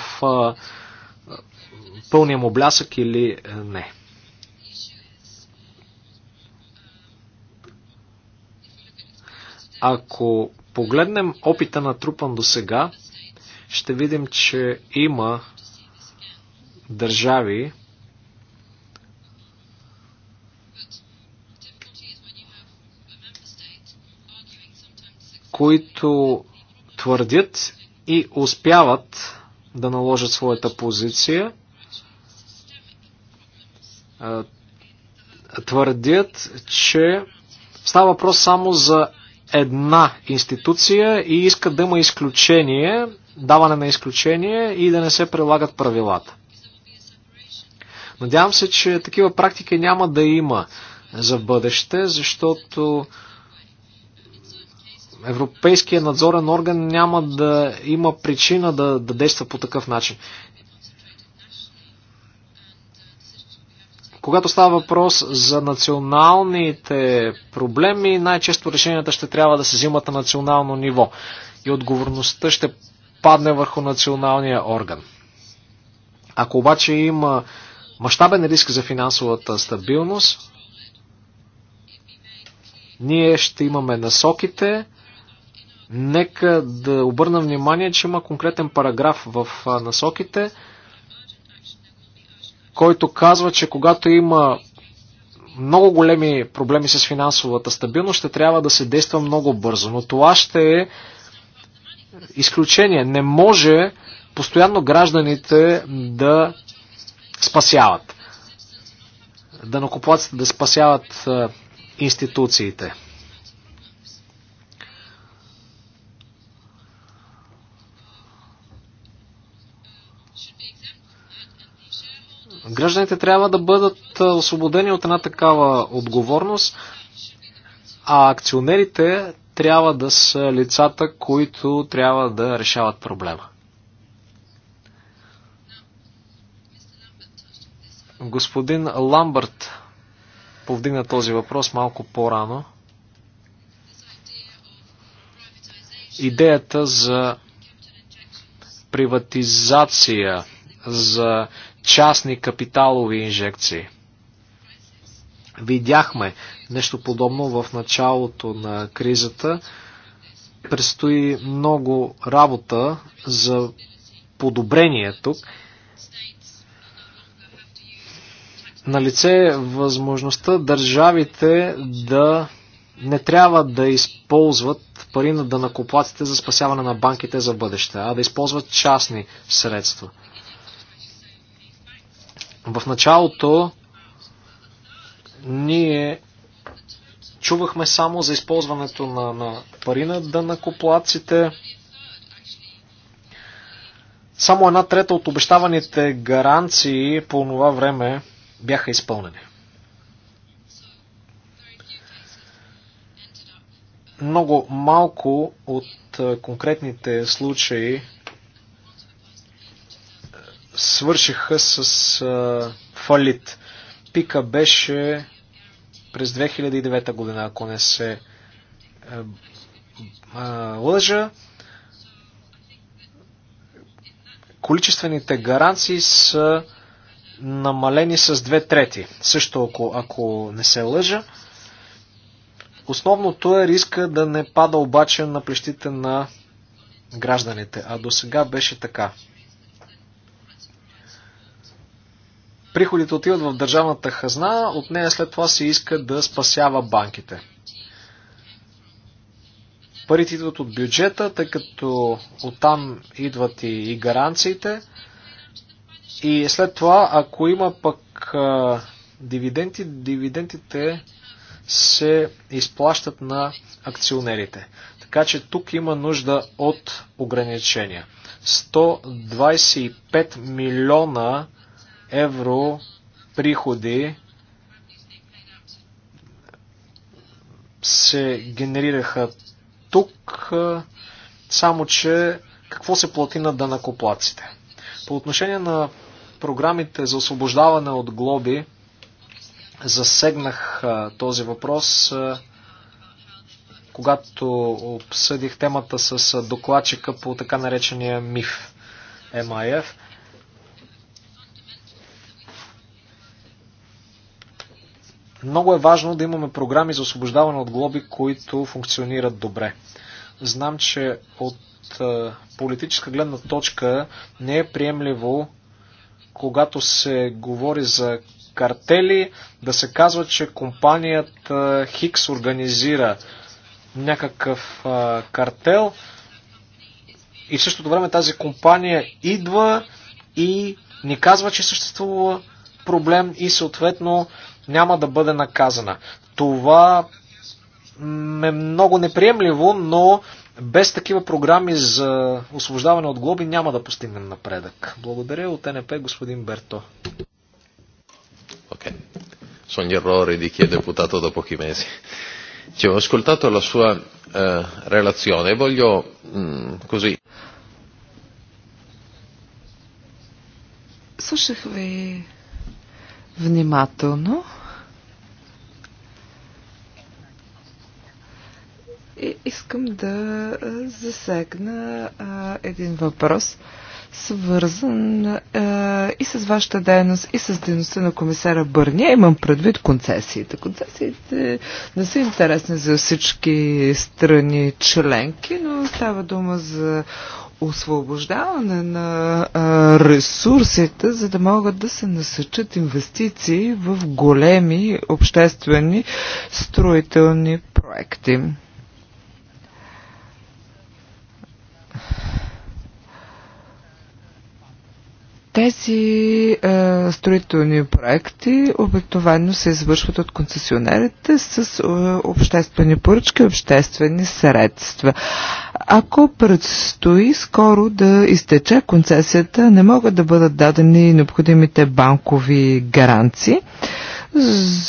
пълния му блясък или не. Ако погледнем опита на трупан до сега, ще видим, че има държави, които твърдят и успяват да наложат своята позиция. Твърдят, че става въпрос само за една институция и искат да има изключение, даване на изключение и да не се прилагат правилата. Надявам се, че такива практики няма да има за бъдеще, защото Европейския надзорен орган няма да има причина да, да действа по такъв начин. Когато става въпрос за националните проблеми, най-често решенията ще трябва да се взимат на национално ниво и отговорността ще падне върху националния орган. Ако обаче има мащабен риск за финансовата стабилност, ние ще имаме насоките, Нека да обърна внимание, че има конкретен параграф в насоките, който казва, че когато има много големи проблеми с финансовата стабилност, ще трябва да се действа много бързо. Но това ще е изключение. Не може постоянно гражданите да спасяват. Да накоплаците да спасяват институциите. Гражданите трябва да бъдат освободени от една такава отговорност, а акционерите трябва да са лицата, които трябва да решават проблема. Господин Ламбърт повдигна този въпрос малко по-рано. Идеята за приватизация, за частни капиталови инжекции. Видяхме нещо подобно в началото на кризата. предстои много работа за подобрение тук. На лице е възможността държавите да не трябва да използват пари на данакоплатите за спасяване на банките за бъдеще, а да използват частни средства. В началото ние чувахме само за използването на, на пари на дънакоплаците. Само една трета от обещаваните гаранции по това време бяха изпълнени. Много малко от конкретните случаи свършиха с а, фалит. Пика беше през 2009 година, ако не се а, е, а, лъжа. Количествените гаранции са намалени с две трети. Също ако, ако не се лъжа. Основното е риска да не пада обаче на плещите на гражданите. А до сега беше така. Приходите отиват в държавната хазна, от нея след това се иска да спасява банките. Парите идват от бюджета, тъй като оттам идват и, и гаранциите. И след това, ако има пък а, дивиденти, дивидентите се изплащат на акционерите. Така че тук има нужда от ограничения. 125 милиона евро приходи се генерираха тук, само че какво се плати на данакоплаците. По отношение на програмите за освобождаване от глоби, засегнах този въпрос, когато обсъдих темата с докладчика по така наречения МИФ. МАФ. Много е важно да имаме програми за освобождаване от глоби, които функционират добре. Знам, че от е, политическа гледна точка не е приемливо, когато се говори за картели, да се казва, че компанията Хикс организира някакъв е, картел и в същото време тази компания идва и ни казва, че съществува проблем и съответно няма да бъде наказана. Това е много неприемливо, но без такива програми за освобождаване от глоби няма да постигнем напредък. Благодаря от НП господин Берто. Okay. Sono gli errori di chi è deputato da pochi mesi. Ci ho ascoltato la sua eh, relazione e voglio mh, mm, così. Слушах ви внимателно. Искам да засегна един въпрос, свързан и с вашата дейност, и с дейността на комисара Бърния. Имам предвид концесиите. Концесиите не са интересни за всички страни членки, но става дума за освобождаване на а, ресурсите, за да могат да се насъчат инвестиции в големи обществени строителни проекти. Тези е, строителни проекти обикновено се извършват от концесионерите с е, обществени поръчки, обществени средства. Ако предстои скоро да изтече концесията, не могат да бъдат дадени необходимите банкови гаранции. Е,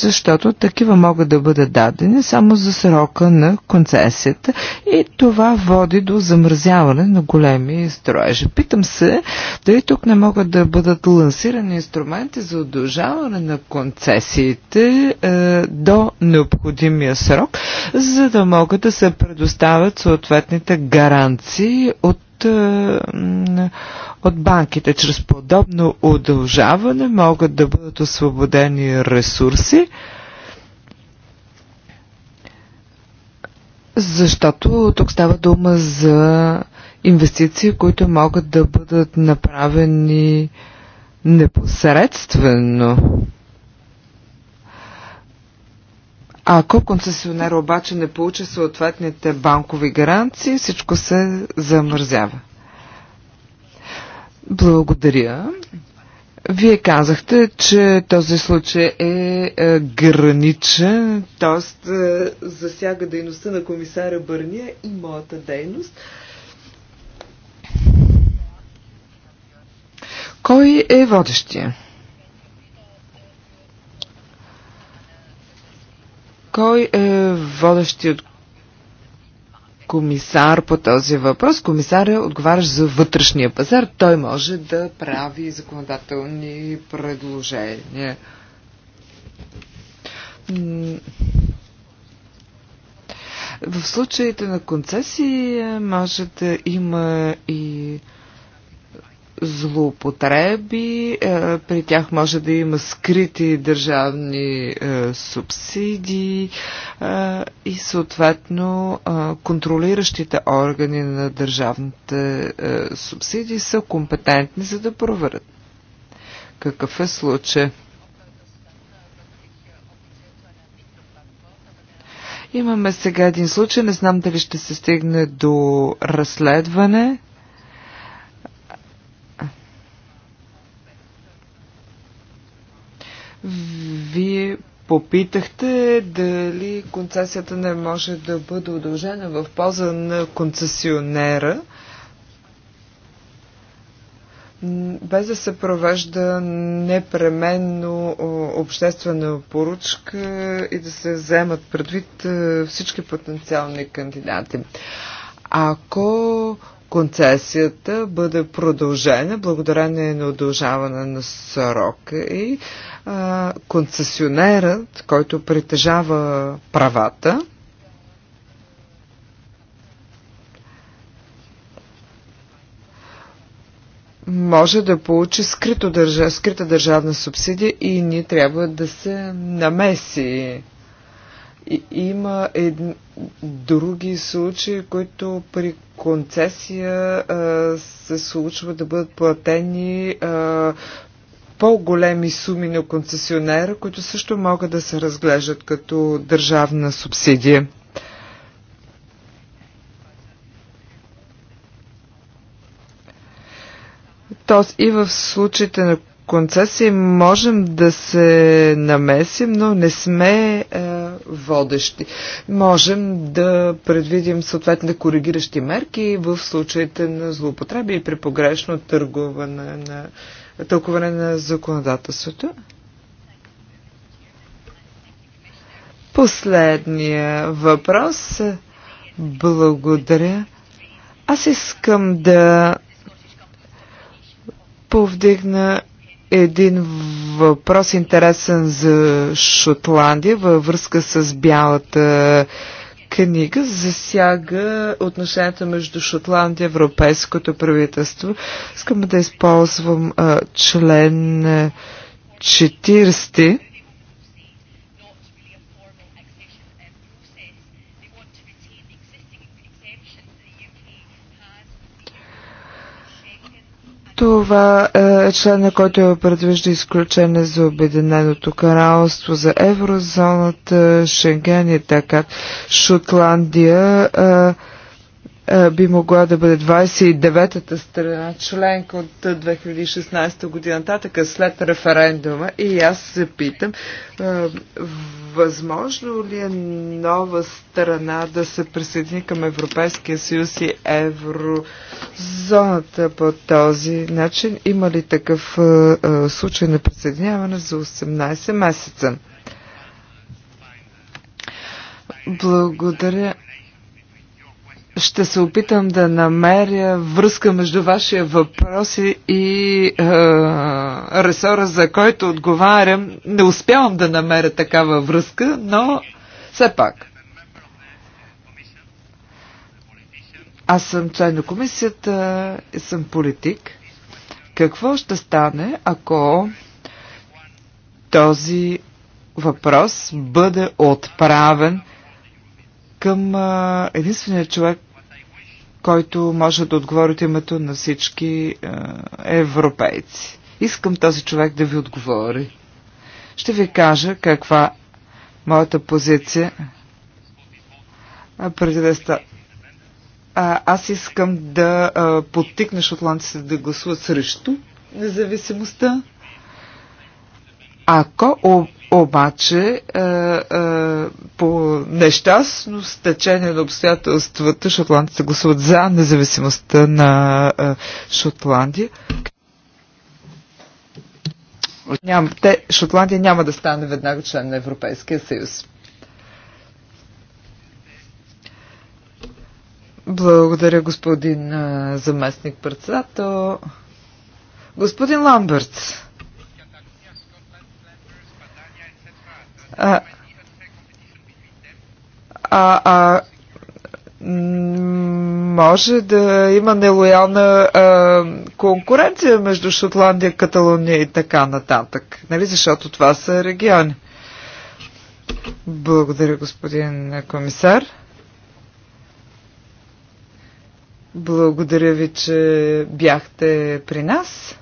защото такива могат да бъдат дадени само за срока на концесията и това води до замразяване на големи строежи. Питам се дали тук не могат да бъдат лансирани инструменти за удължаване на концесиите е, до необходимия срок, за да могат да се предоставят съответните гаранции от е, от банките. Чрез подобно удължаване могат да бъдат освободени ресурси, защото тук става дума за инвестиции, които могат да бъдат направени непосредствено. Ако концесионер обаче не получи съответните банкови гаранции, всичко се замързява. Благодаря. Вие казахте, че този случай е, е граничен, т.е. засяга дейността на комисара Бърния и моята дейност. Кой е водещия? Кой е водещият комисар по този въпрос. е отговаряш за вътрешния пазар. Той може да прави законодателни предложения. В случаите на концесии е, може да има и злоупотреби, е, при тях може да има скрити държавни е, субсидии е, и съответно контролиращите органи на държавните субсидии са компетентни за да проверят какъв е случай. Имаме сега един случай, не знам дали ще се стигне до разследване. Вие попитахте дали концесията не може да бъде удължена в полза на концесионера, без да се провежда непременно обществена поручка и да се вземат предвид всички потенциални кандидати. Ако концесията бъде продължена благодарение на удължаване на срока и а, концесионерът, който притежава правата, може да получи скрито държа, скрита държавна субсидия и ние трябва да се намеси и, има ед... други случаи, които при концесия а, се случва да бъдат платени а, по-големи суми на концесионера, които също могат да се разглеждат като държавна субсидия. Тоест и в случаите на концесии можем да се намесим, но не сме е, водещи. Можем да предвидим съответно коригиращи мерки в случаите на злоупотреби и при погрешно търгуване на, тълкуване на законодателството. Последния въпрос. Благодаря. Аз искам да повдигна един въпрос интересен за Шотландия във връзка с бялата книга засяга отношенията между Шотландия и Европейското правителство. Искам да използвам а, член Това е члена, който предвижда изключение за Обединеното кралство, за еврозоната, Шенген и така. Шотландия е, е, би могла да бъде 29-та страна, членка от 2016 година нататък, след референдума. И аз се питам, е, възможно ли е нова страна да се присъедини към Европейския съюз и еврозоната по този начин? Има ли такъв е, случай на присъединяване за 18 месеца? Благодаря. Ще се опитам да намеря връзка между вашия въпрос и е, ресора, за който отговарям. Не успявам да намеря такава връзка, но все пак. Аз съм член на комисията и съм политик. Какво ще стане, ако този въпрос бъде отправен към е, единствения човек който може да отговори от името на всички е, европейци. Искам този човек да ви отговори. Ще ви кажа каква моята позиция а, преди да ста... а, аз искам да а, подтикна шотландците да гласуват срещу независимостта. Ако обаче, е, е, по нещастно стечение на обстоятелствата, шотландците гласуват за независимостта на е, Шотландия. Ням, те, Шотландия няма да стане веднага член на Европейския съюз. Благодаря, господин е, заместник-председател. Господин Ламберт. А, а, може да има нелоялна а, конкуренция между Шотландия, Каталония и така нататък. Нали? Защото това са региони. Благодаря, господин комисар. Благодаря ви, че бяхте при нас.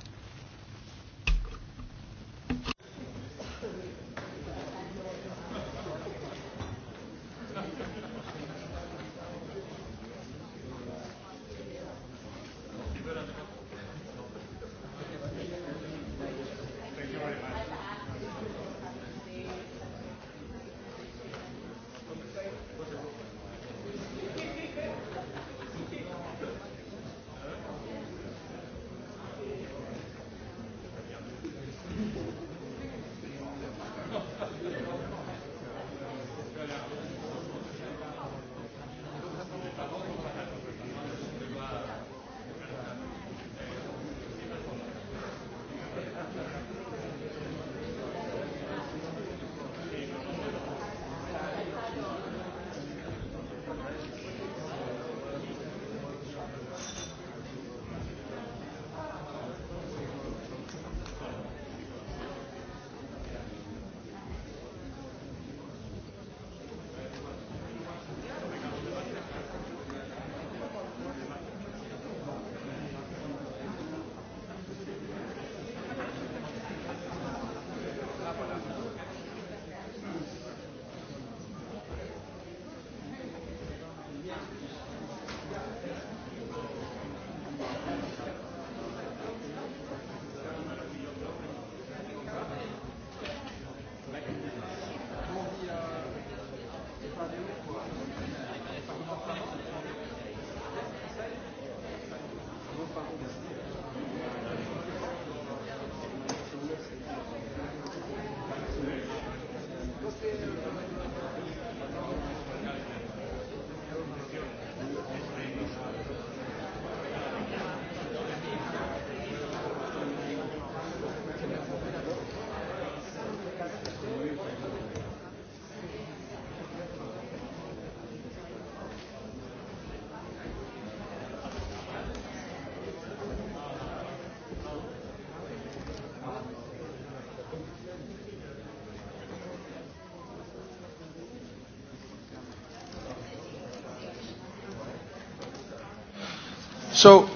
So,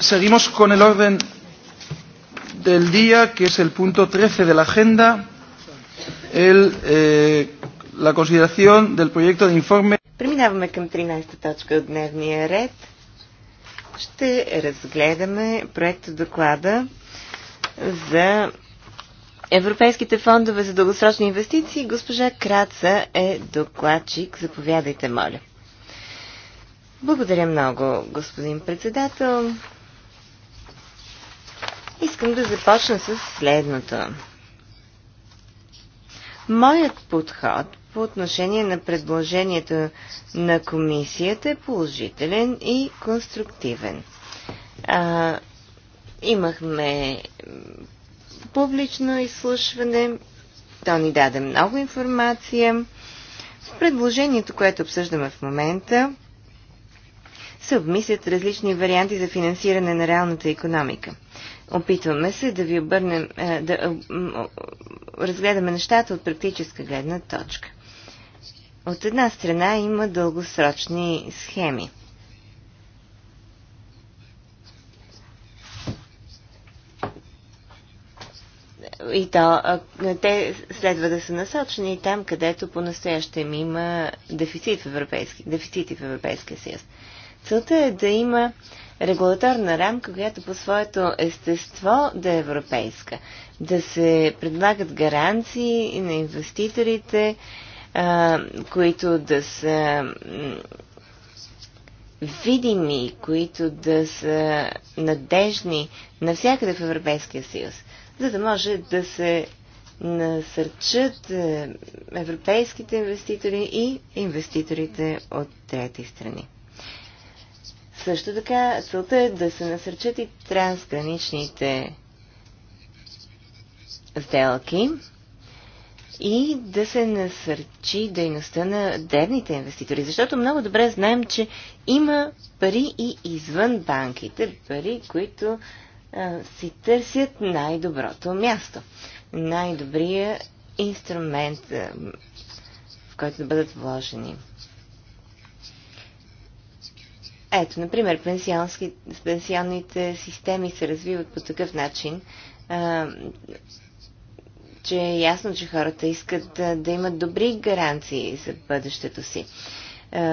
seguimos con el orden del día, que es el punto 13 de la agenda, el, eh, la consideración del proyecto de informe. Преминаваме към 13-та точка от дневния ред. Ще разгледаме проект доклада за Европейските фондове за дългосрочни инвестиции. Госпожа Краца е докладчик. Заповядайте, моля. Благодаря много, господин председател. Искам да започна с следното. Моят подход по отношение на предложението на комисията е положителен и конструктивен. А, имахме публично изслушване, то ни даде много информация. предложението, което обсъждаме в момента, се обмислят различни варианти за финансиране на реалната економика. Опитваме се да ви обърнем, е, да разгледаме нещата от практическа гледна точка. От една страна има дългосрочни схеми. И то, те следва да са насочени там, където по-настоящем има дефицит в, европейски, дефицити в Европейския съюз. Целта е да има регулаторна рамка, която по своето естество да е европейска. Да се предлагат гаранции на инвеститорите, а, които да са видими, които да са надежни навсякъде в Европейския съюз, за да може да се насърчат е, европейските инвеститори и инвеститорите от трети страни. Също така, целта е да се насърчат и трансграничните сделки и да се насърчи дейността на древните инвеститори. Защото много добре знаем, че има пари и извън банките, пари, които а, си търсят най-доброто място, най-добрия инструмент, а, в който да бъдат вложени. Ето, например, пенсионните системи се развиват по такъв начин, а, че е ясно, че хората искат да, да имат добри гаранции за бъдещето си.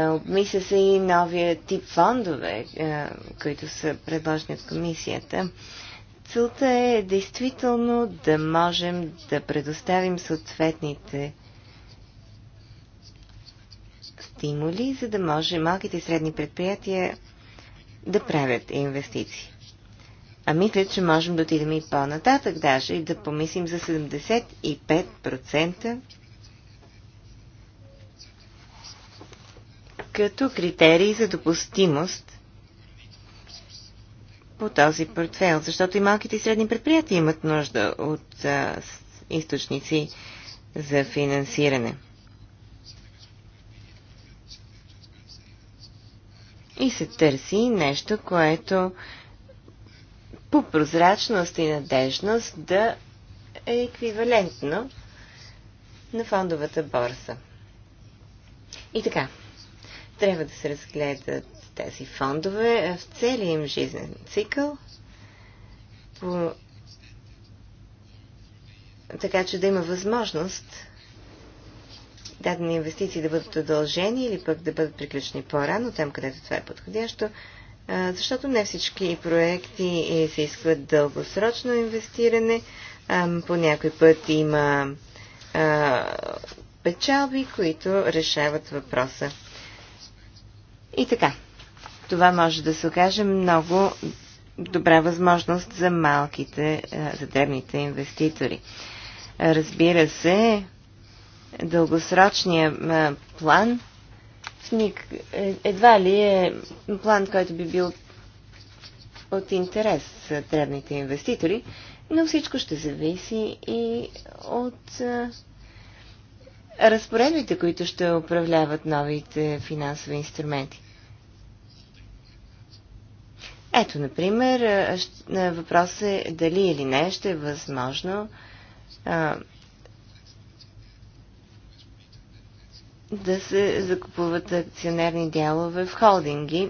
обмисля се и новия тип фондове, а, които са предложени от комисията. Целта е действително да можем да предоставим съответните стимули, за да може малките и средни предприятия да правят инвестиции. А мисля, че можем да отидем и по-нататък даже и да помислим за 75% като критерии за допустимост по този портфел, защото и малките и средни предприятия имат нужда от а, източници за финансиране. и се търси нещо, което по прозрачност и надежност да е еквивалентно на фондовата борса. И така, трябва да се разгледат тези фондове в целия им жизнен цикъл, по... така че да има възможност дадени инвестиции да бъдат удължени или пък да бъдат приключени по-рано, там където това е подходящо, защото не всички проекти е, се изискват дългосрочно инвестиране. По някой път има печалби, които решават въпроса. И така, това може да се окаже много добра възможност за малките, за древните инвеститори. Разбира се, дългосрочния план е, едва ли е план, който би бил от интерес за древните инвеститори, но всичко ще зависи и от е, разпоредбите, които ще управляват новите финансови инструменти. Ето, например, е, въпрос е дали или не ще е възможно а, да се закупуват акционерни дялове в холдинги.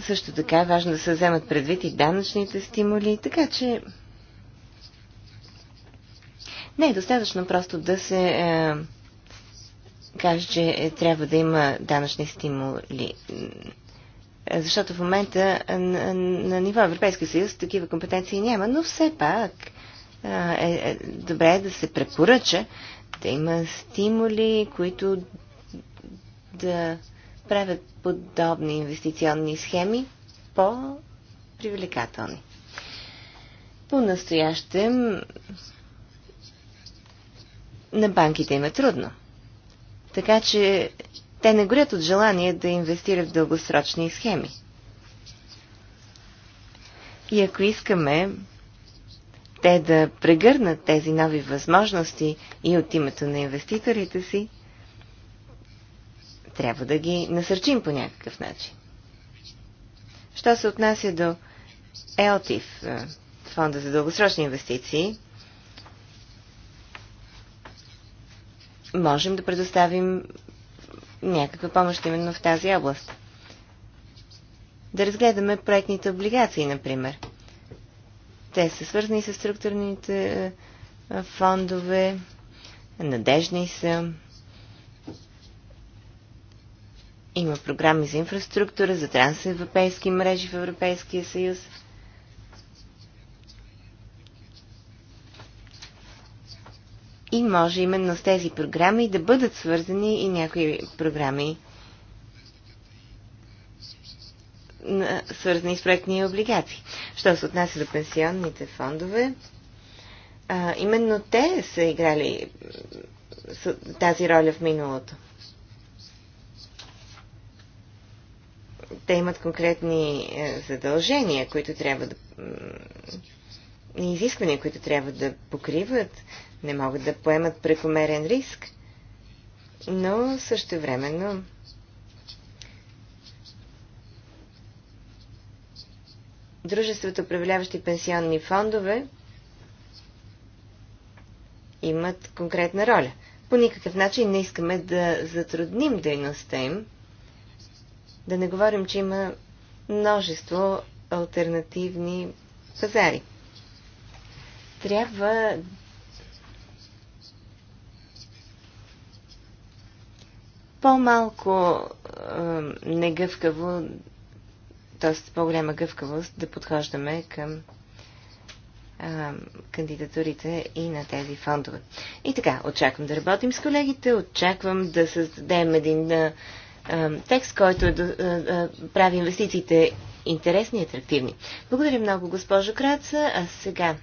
Също така е важно да се вземат предвид и данъчните стимули, така че не е достатъчно просто да се е, каже, че е, трябва да има данъчни стимули. Защото в момента на, на ниво Европейски съюз такива компетенции няма, но все пак е, е, добре е да се препоръча да има стимули, които да правят подобни инвестиционни схеми по-привлекателни. По-настоящем на банките им е трудно. Така че те не горят от желание да инвестират в дългосрочни схеми. И ако искаме те да прегърнат тези нови възможности и от името на инвеститорите си, трябва да ги насърчим по някакъв начин. Що се отнася до ЕОТИФ, е, фонда за дългосрочни инвестиции, можем да предоставим някаква помощ именно в тази област. Да разгледаме проектните облигации, например. Те са свързани с структурните е, е, фондове, надежни са. Има програми за инфраструктура, за трансевропейски мрежи в Европейския съюз. И може именно с тези програми да бъдат свързани и някои програми свързани с проектни облигации. Що се отнася до пенсионните фондове, а, именно те са играли тази роля в миналото. Те имат конкретни е, задължения, които трябва да. и изисквания, които трябва да покриват, не могат да поемат прекомерен риск, но също времено дружествата, управляващи пенсионни фондове, имат конкретна роля. По никакъв начин не искаме да затрудним дейността им. Да не говорим, че има множество альтернативни пазари. Трябва по-малко е, негъвкаво т.е. по-голяма гъвкавост да подхождаме към а, кандидатурите и на тези фондове. И така, очаквам да работим с колегите, очаквам да създадем един а, текст, който е, а, прави инвестициите интересни и атрактивни. Благодаря много, госпожо Краца. А сега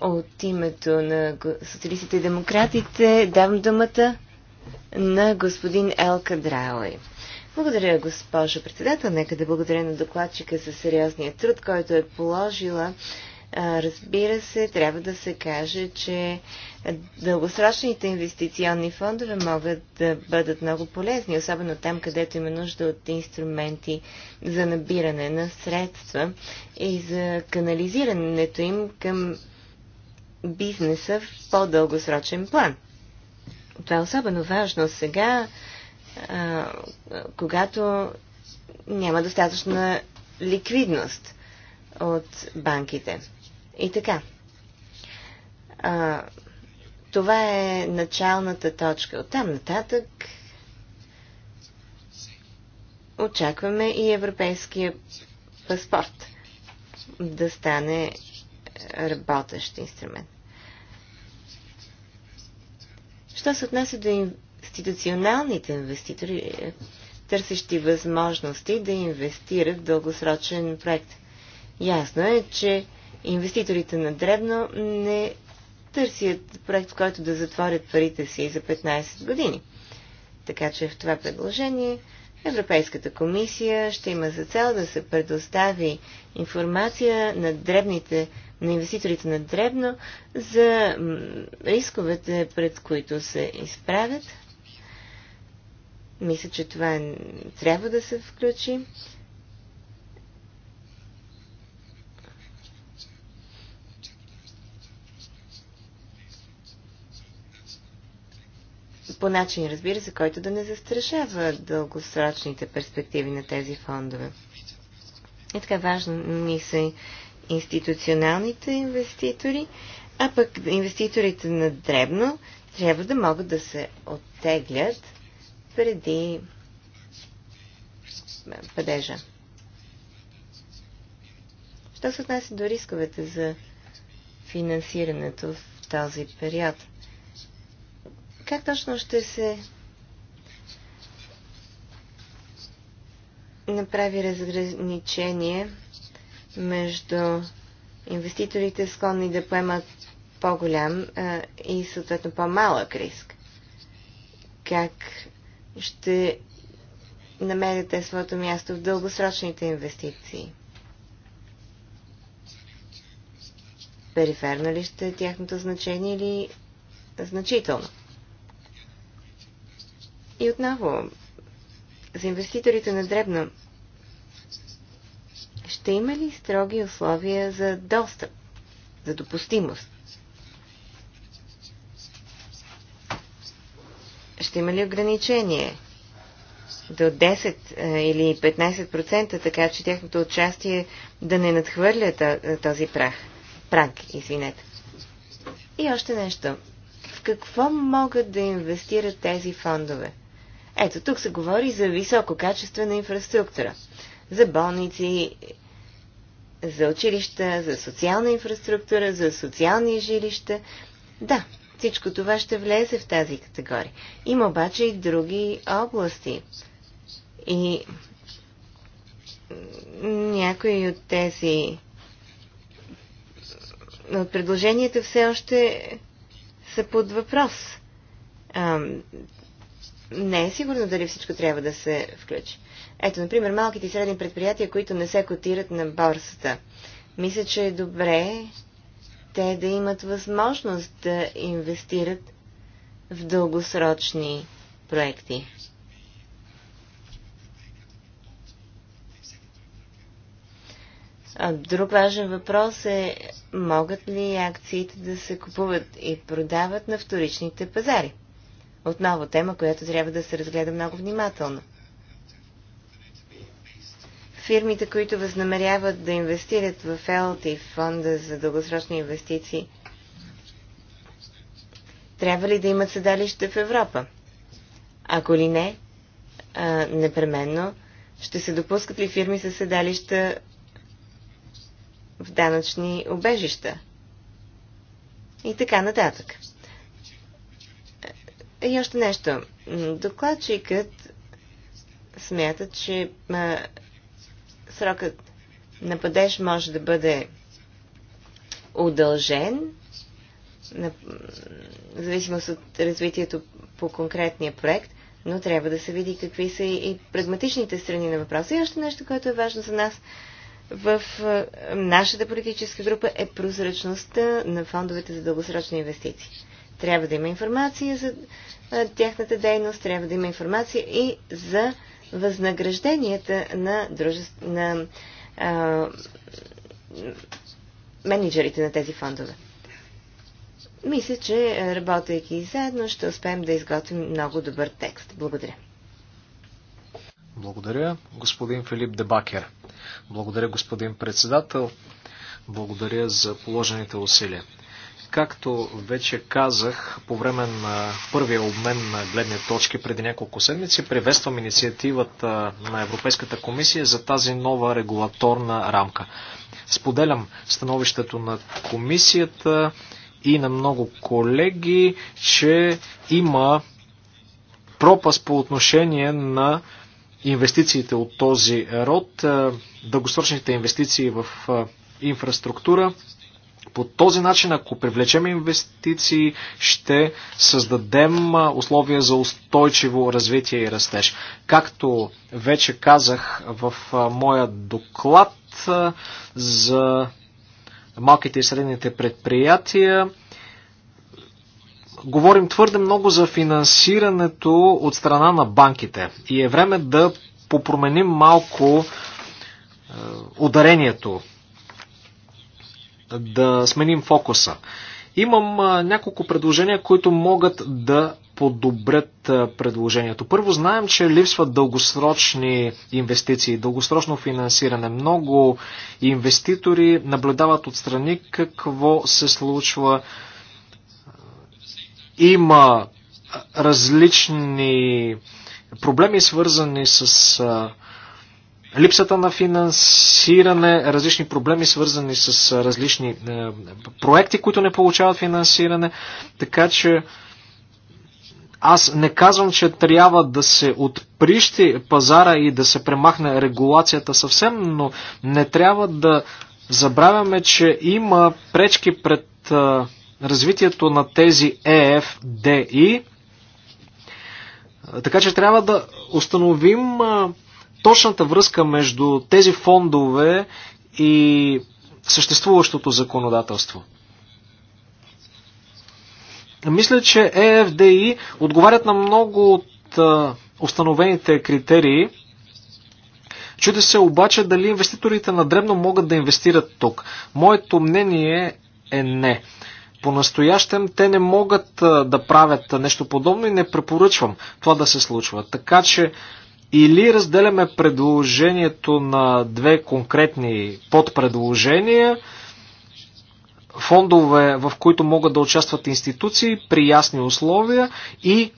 от името на социалистите и демократите давам думата на господин Елка Драуи. Благодаря, госпожо председател. Нека да благодаря на докладчика за сериозния труд, който е положила. Разбира се, трябва да се каже, че дългосрочните инвестиционни фондове могат да бъдат много полезни, особено там, където има нужда от инструменти за набиране на средства и за канализирането им към бизнеса в по-дългосрочен план. Това е особено важно сега, когато няма достатъчна ликвидност от банките. И така. А, това е началната точка. От там нататък очакваме и европейския паспорт да стане работещ инструмент. Що се отнася до институционалните инвеститори, е, търсещи възможности да инвестират в дългосрочен проект. Ясно е, че инвеститорите на дребно не търсят проект, в който да затворят парите си за 15 години. Така че в това предложение Европейската комисия ще има за цел да се предостави информация на дребните, на инвеститорите на дребно за рисковете, пред които се изправят мисля, че това е- трябва да се включи. по начин, разбира се, който да не застрашава дългосрочните перспективи на тези фондове. И така важно ни са институционалните инвеститори, а пък инвеститорите на дребно трябва да могат да се оттеглят преди падежа. Що се отнася до рисковете за финансирането в този период? Как точно ще се направи разграничение между инвеститорите склонни да поемат по-голям и съответно по-малък риск? Как ще намерите своето място в дългосрочните инвестиции? Периферно ли ще е тяхното значение или значително? И отново, за инвеститорите на дребно, ще има ли строги условия за достъп, за допустимост? ще има ли ограничение? До 10 е, или 15%, така че тяхното участие да не надхвърля е, този прах. Пранк, извинете. И още нещо. В какво могат да инвестират тези фондове? Ето, тук се говори за висококачествена инфраструктура. За болници, за училища, за социална инфраструктура, за социални жилища. Да, всичко това ще влезе в тази категория. Има обаче и други области. И някои от тези от предложенията все още са под въпрос. не е сигурно дали всичко трябва да се включи. Ето, например, малките и средни предприятия, които не се котират на борсата. Мисля, че е добре те да имат възможност да инвестират в дългосрочни проекти. Друг важен въпрос е могат ли акциите да се купуват и продават на вторичните пазари? Отново тема, която трябва да се разгледа много внимателно фирмите, които възнамеряват да инвестират в ЕЛТ и фонда за дългосрочни инвестиции, трябва ли да имат седалище в Европа? Ако ли не, а, непременно, ще се допускат ли фирми с седалища в данъчни обежища? И така нататък. И още нещо. Докладчикът смята, че а, срокът на падеж може да бъде удължен, на, в зависимост от развитието по конкретния проект, но трябва да се види какви са и прагматичните страни на въпроса. И още нещо, което е важно за нас в е, нашата политическа група е прозрачността на фондовете за дългосрочни инвестиции. Трябва да има информация за е, тяхната дейност, трябва да има информация и за възнагражденията на, дружеств... на а, менеджерите на тези фондове. Мисля, че работейки заедно ще успеем да изготвим много добър текст. Благодаря. Благодаря, господин Филип Дебакер. Благодаря, господин председател. Благодаря за положените усилия. Както вече казах по време на първия обмен на гледни точки преди няколко седмици, приветствам инициативата на Европейската комисия за тази нова регулаторна рамка. Споделям становището на комисията и на много колеги, че има пропаст по отношение на инвестициите от този род, дългосрочните инвестиции в инфраструктура, по този начин, ако привлечем инвестиции, ще създадем условия за устойчиво развитие и растеж. Както вече казах в моя доклад за малките и средните предприятия, говорим твърде много за финансирането от страна на банките и е време да попроменим малко ударението да сменим фокуса. Имам няколко предложения, които могат да подобрят предложението. Първо, знаем, че липсват дългосрочни инвестиции, дългосрочно финансиране. Много инвеститори наблюдават отстрани какво се случва. Има различни проблеми, свързани с липсата на финансиране, различни проблеми свързани с различни проекти, които не получават финансиране. Така че аз не казвам, че трябва да се отприщи пазара и да се премахне регулацията съвсем, но не трябва да забравяме, че има пречки пред развитието на тези EFDI. Така че трябва да установим точната връзка между тези фондове и съществуващото законодателство. Мисля, че ЕФДИ отговарят на много от установените критерии. Чуди се обаче дали инвеститорите на дребно могат да инвестират тук. Моето мнение е не. По-настоящем те не могат да правят нещо подобно и не препоръчвам това да се случва. Така че или разделяме предложението на две конкретни подпредложения, фондове, в които могат да участват институции при ясни условия и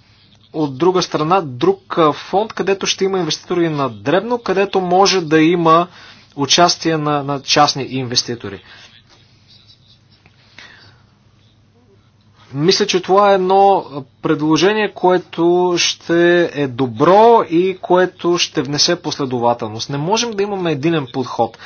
от друга страна друг фонд, където ще има инвеститори на дребно, където може да има участие на, на частни инвеститори. Мисля, че това е едно предложение, което ще е добро и което ще внесе последователност. Не можем да имаме единен подход.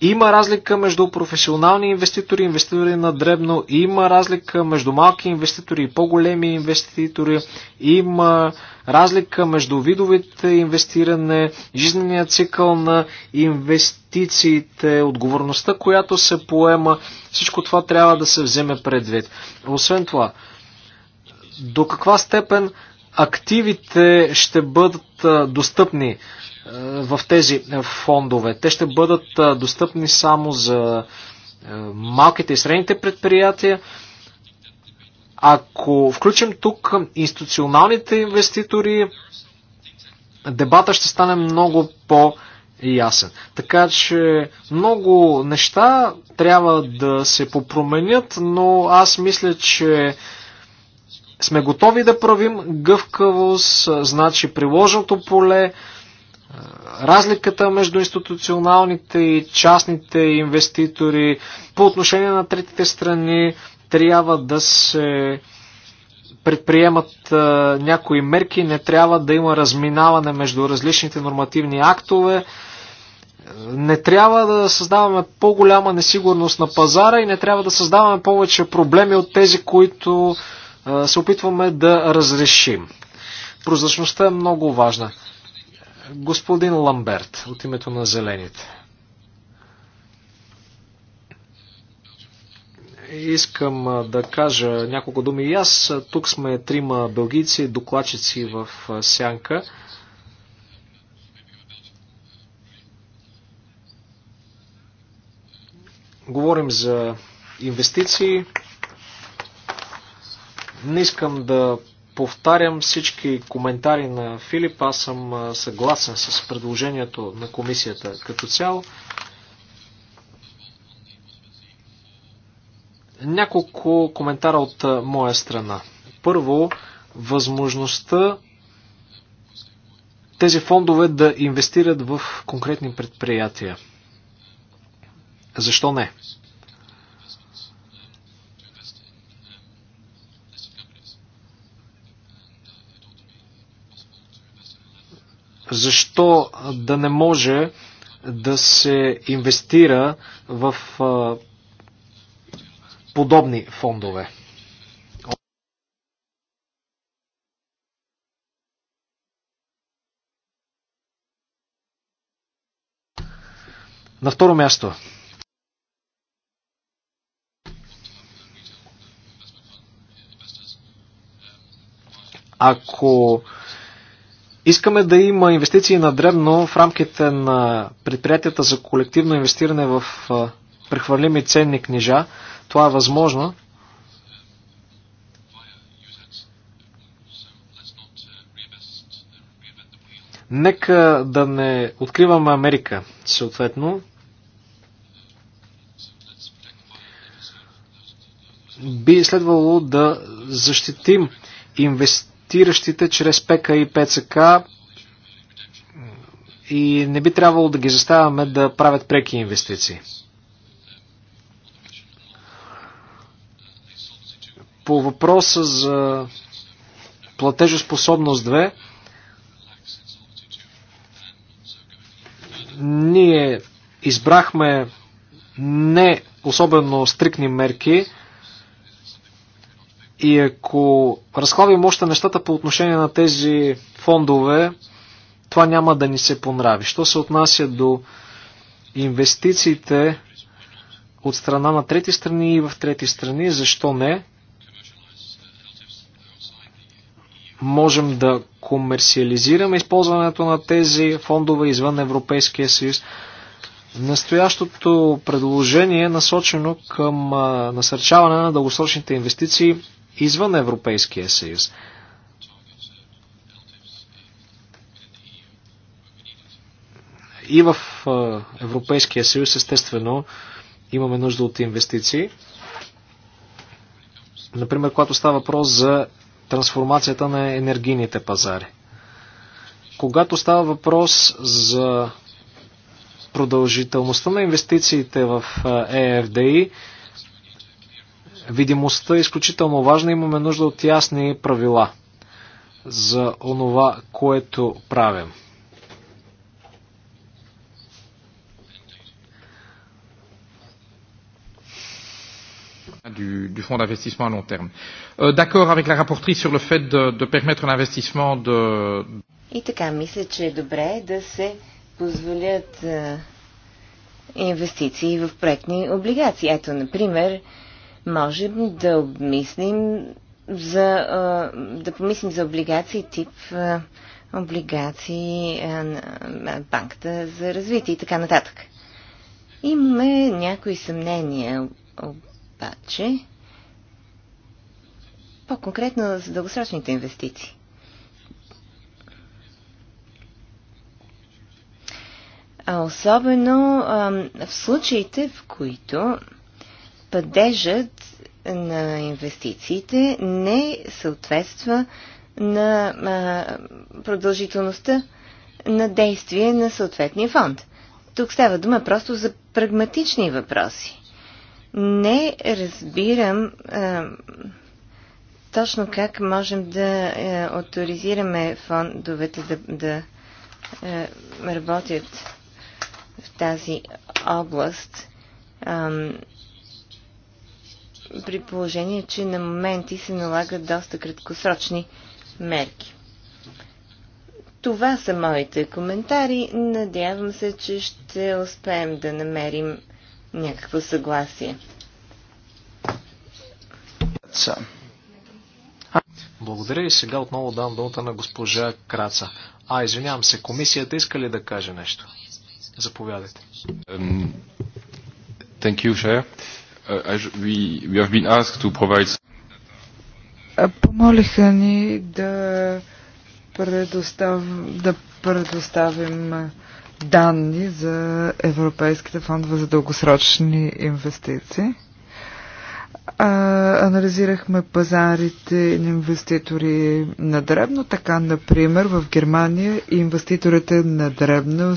Има разлика между професионални инвеститори, инвеститори на дребно, има разлика между малки инвеститори и по-големи инвеститори, има разлика между видовите инвестиране, жизнения цикъл на инвестициите, отговорността, която се поема. Всичко това трябва да се вземе предвид. Освен това, до каква степен активите ще бъдат достъпни в тези фондове. Те ще бъдат достъпни само за малките и средните предприятия. Ако включим тук институционалните инвеститори, дебата ще стане много по-ясен. Така че много неща трябва да се попроменят, но аз мисля, че сме готови да правим гъвкавост, значи приложното поле, разликата между институционалните и частните инвеститори по отношение на третите страни трябва да се предприемат а, някои мерки, не трябва да има разминаване между различните нормативни актове, не трябва да създаваме по-голяма несигурност на пазара и не трябва да създаваме повече проблеми от тези, които а, се опитваме да разрешим. Прозрачността е много важна. Господин Ламберт, от името на Зелените. Искам да кажа няколко думи и аз. Тук сме трима белгийци, докладчици в Сянка. Говорим за инвестиции. Не искам да повтарям всички коментари на Филип. Аз съм съгласен с предложението на комисията като цяло. Няколко коментара от моя страна. Първо, възможността тези фондове да инвестират в конкретни предприятия. Защо не? Защо да не може да се инвестира в подобни фондове? На второ място. Ако Искаме да има инвестиции на дребно в рамките на предприятията за колективно инвестиране в прехвърлими ценни книжа. Това е възможно. Нека да не откриваме Америка, съответно. Би следвало да защитим инвестиции протестиращите чрез ПК и ПЦК и не би трябвало да ги заставяме да правят преки инвестиции. По въпроса за платежоспособност 2, ние избрахме не особено стрикни мерки, и ако разхлабим още нещата по отношение на тези фондове, това няма да ни се понрави. Що се отнася до инвестициите от страна на трети страни и в трети страни, защо не? Можем да комерциализираме използването на тези фондове извън Европейския съюз. Настоящото предложение е насочено към насърчаване на дългосрочните инвестиции извън Европейския съюз. И в Европейския съюз, естествено, имаме нужда от инвестиции. Например, когато става въпрос за трансформацията на енергийните пазари. Когато става въпрос за продължителността на инвестициите в ЕФДИ, Видимостта е изключително важна, имаме нужда от ясни правила за онова, което правим. du, du fonds d'investissement à long terme. Euh, D'accord avec la rapportrice sur le fait de, de permettre l'investissement de. И така, мисля, че е добре да се позволят а, е, инвестиции в проектни облигации. Ето, например, можем да обмислим за, да помислим за облигации тип облигации на банката за развитие и така нататък. Имаме някои съмнения, обаче, по-конкретно за дългосрочните инвестиции. А особено а, в случаите, в които падежът на инвестициите не съответства на а, продължителността на действие на съответния фонд. Тук става дума просто за прагматични въпроси. Не разбирам а, точно как можем да а, авторизираме фондовете да, да а, работят в тази област. А, при положение, че на моменти се налагат доста краткосрочни мерки. Това са моите коментари. Надявам се, че ще успеем да намерим някакво съгласие. Благодаря и сега отново дам думата на госпожа Краца. А, извинявам се, комисията иска ли да каже нещо? Заповядайте. Um, thank you, Помолиха ни да, предостав, да предоставим данни за европейските фондове за дългосрочни инвестиции а, анализирахме пазарите на инвеститори на дребно. Така, например, в Германия инвеститорите на дребно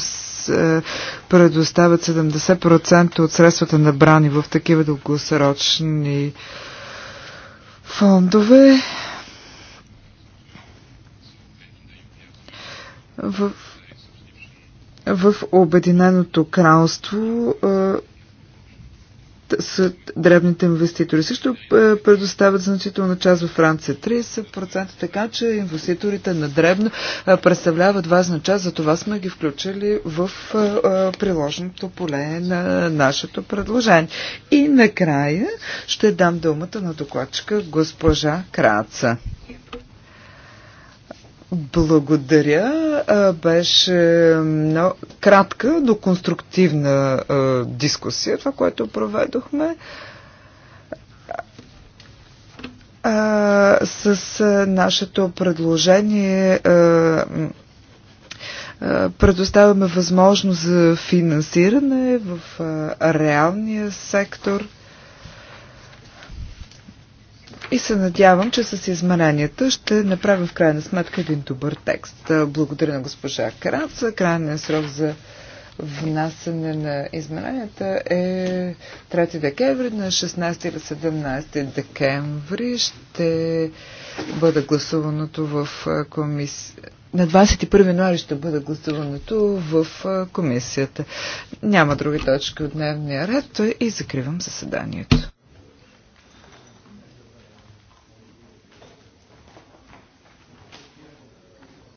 предоставят 70% от средствата набрани в такива дългосрочни фондове. В, в Обединеното кралство са дребните инвеститори. Също е, предоставят значителна част във Франция. 30% така, че инвеститорите на древно е, представляват важна част. За това сме ги включили в е, приложеното поле на нашето предложение. И накрая ще дам думата на докладчика госпожа Краца. Благодаря. Беше много кратка до конструктивна дискусия, това, което проведохме. С нашето предложение предоставяме възможност за финансиране в реалния сектор – и се надявам, че с измеренията ще направя в крайна сметка един добър текст. Благодаря на госпожа Карац. Крайният срок за внасяне на измеренията е 3 декември на 16 или 17 декември ще бъде гласуваното в комисия. На 21 януари ще бъде гласуването в комисията. Няма други точки от дневния ред и закривам заседанието.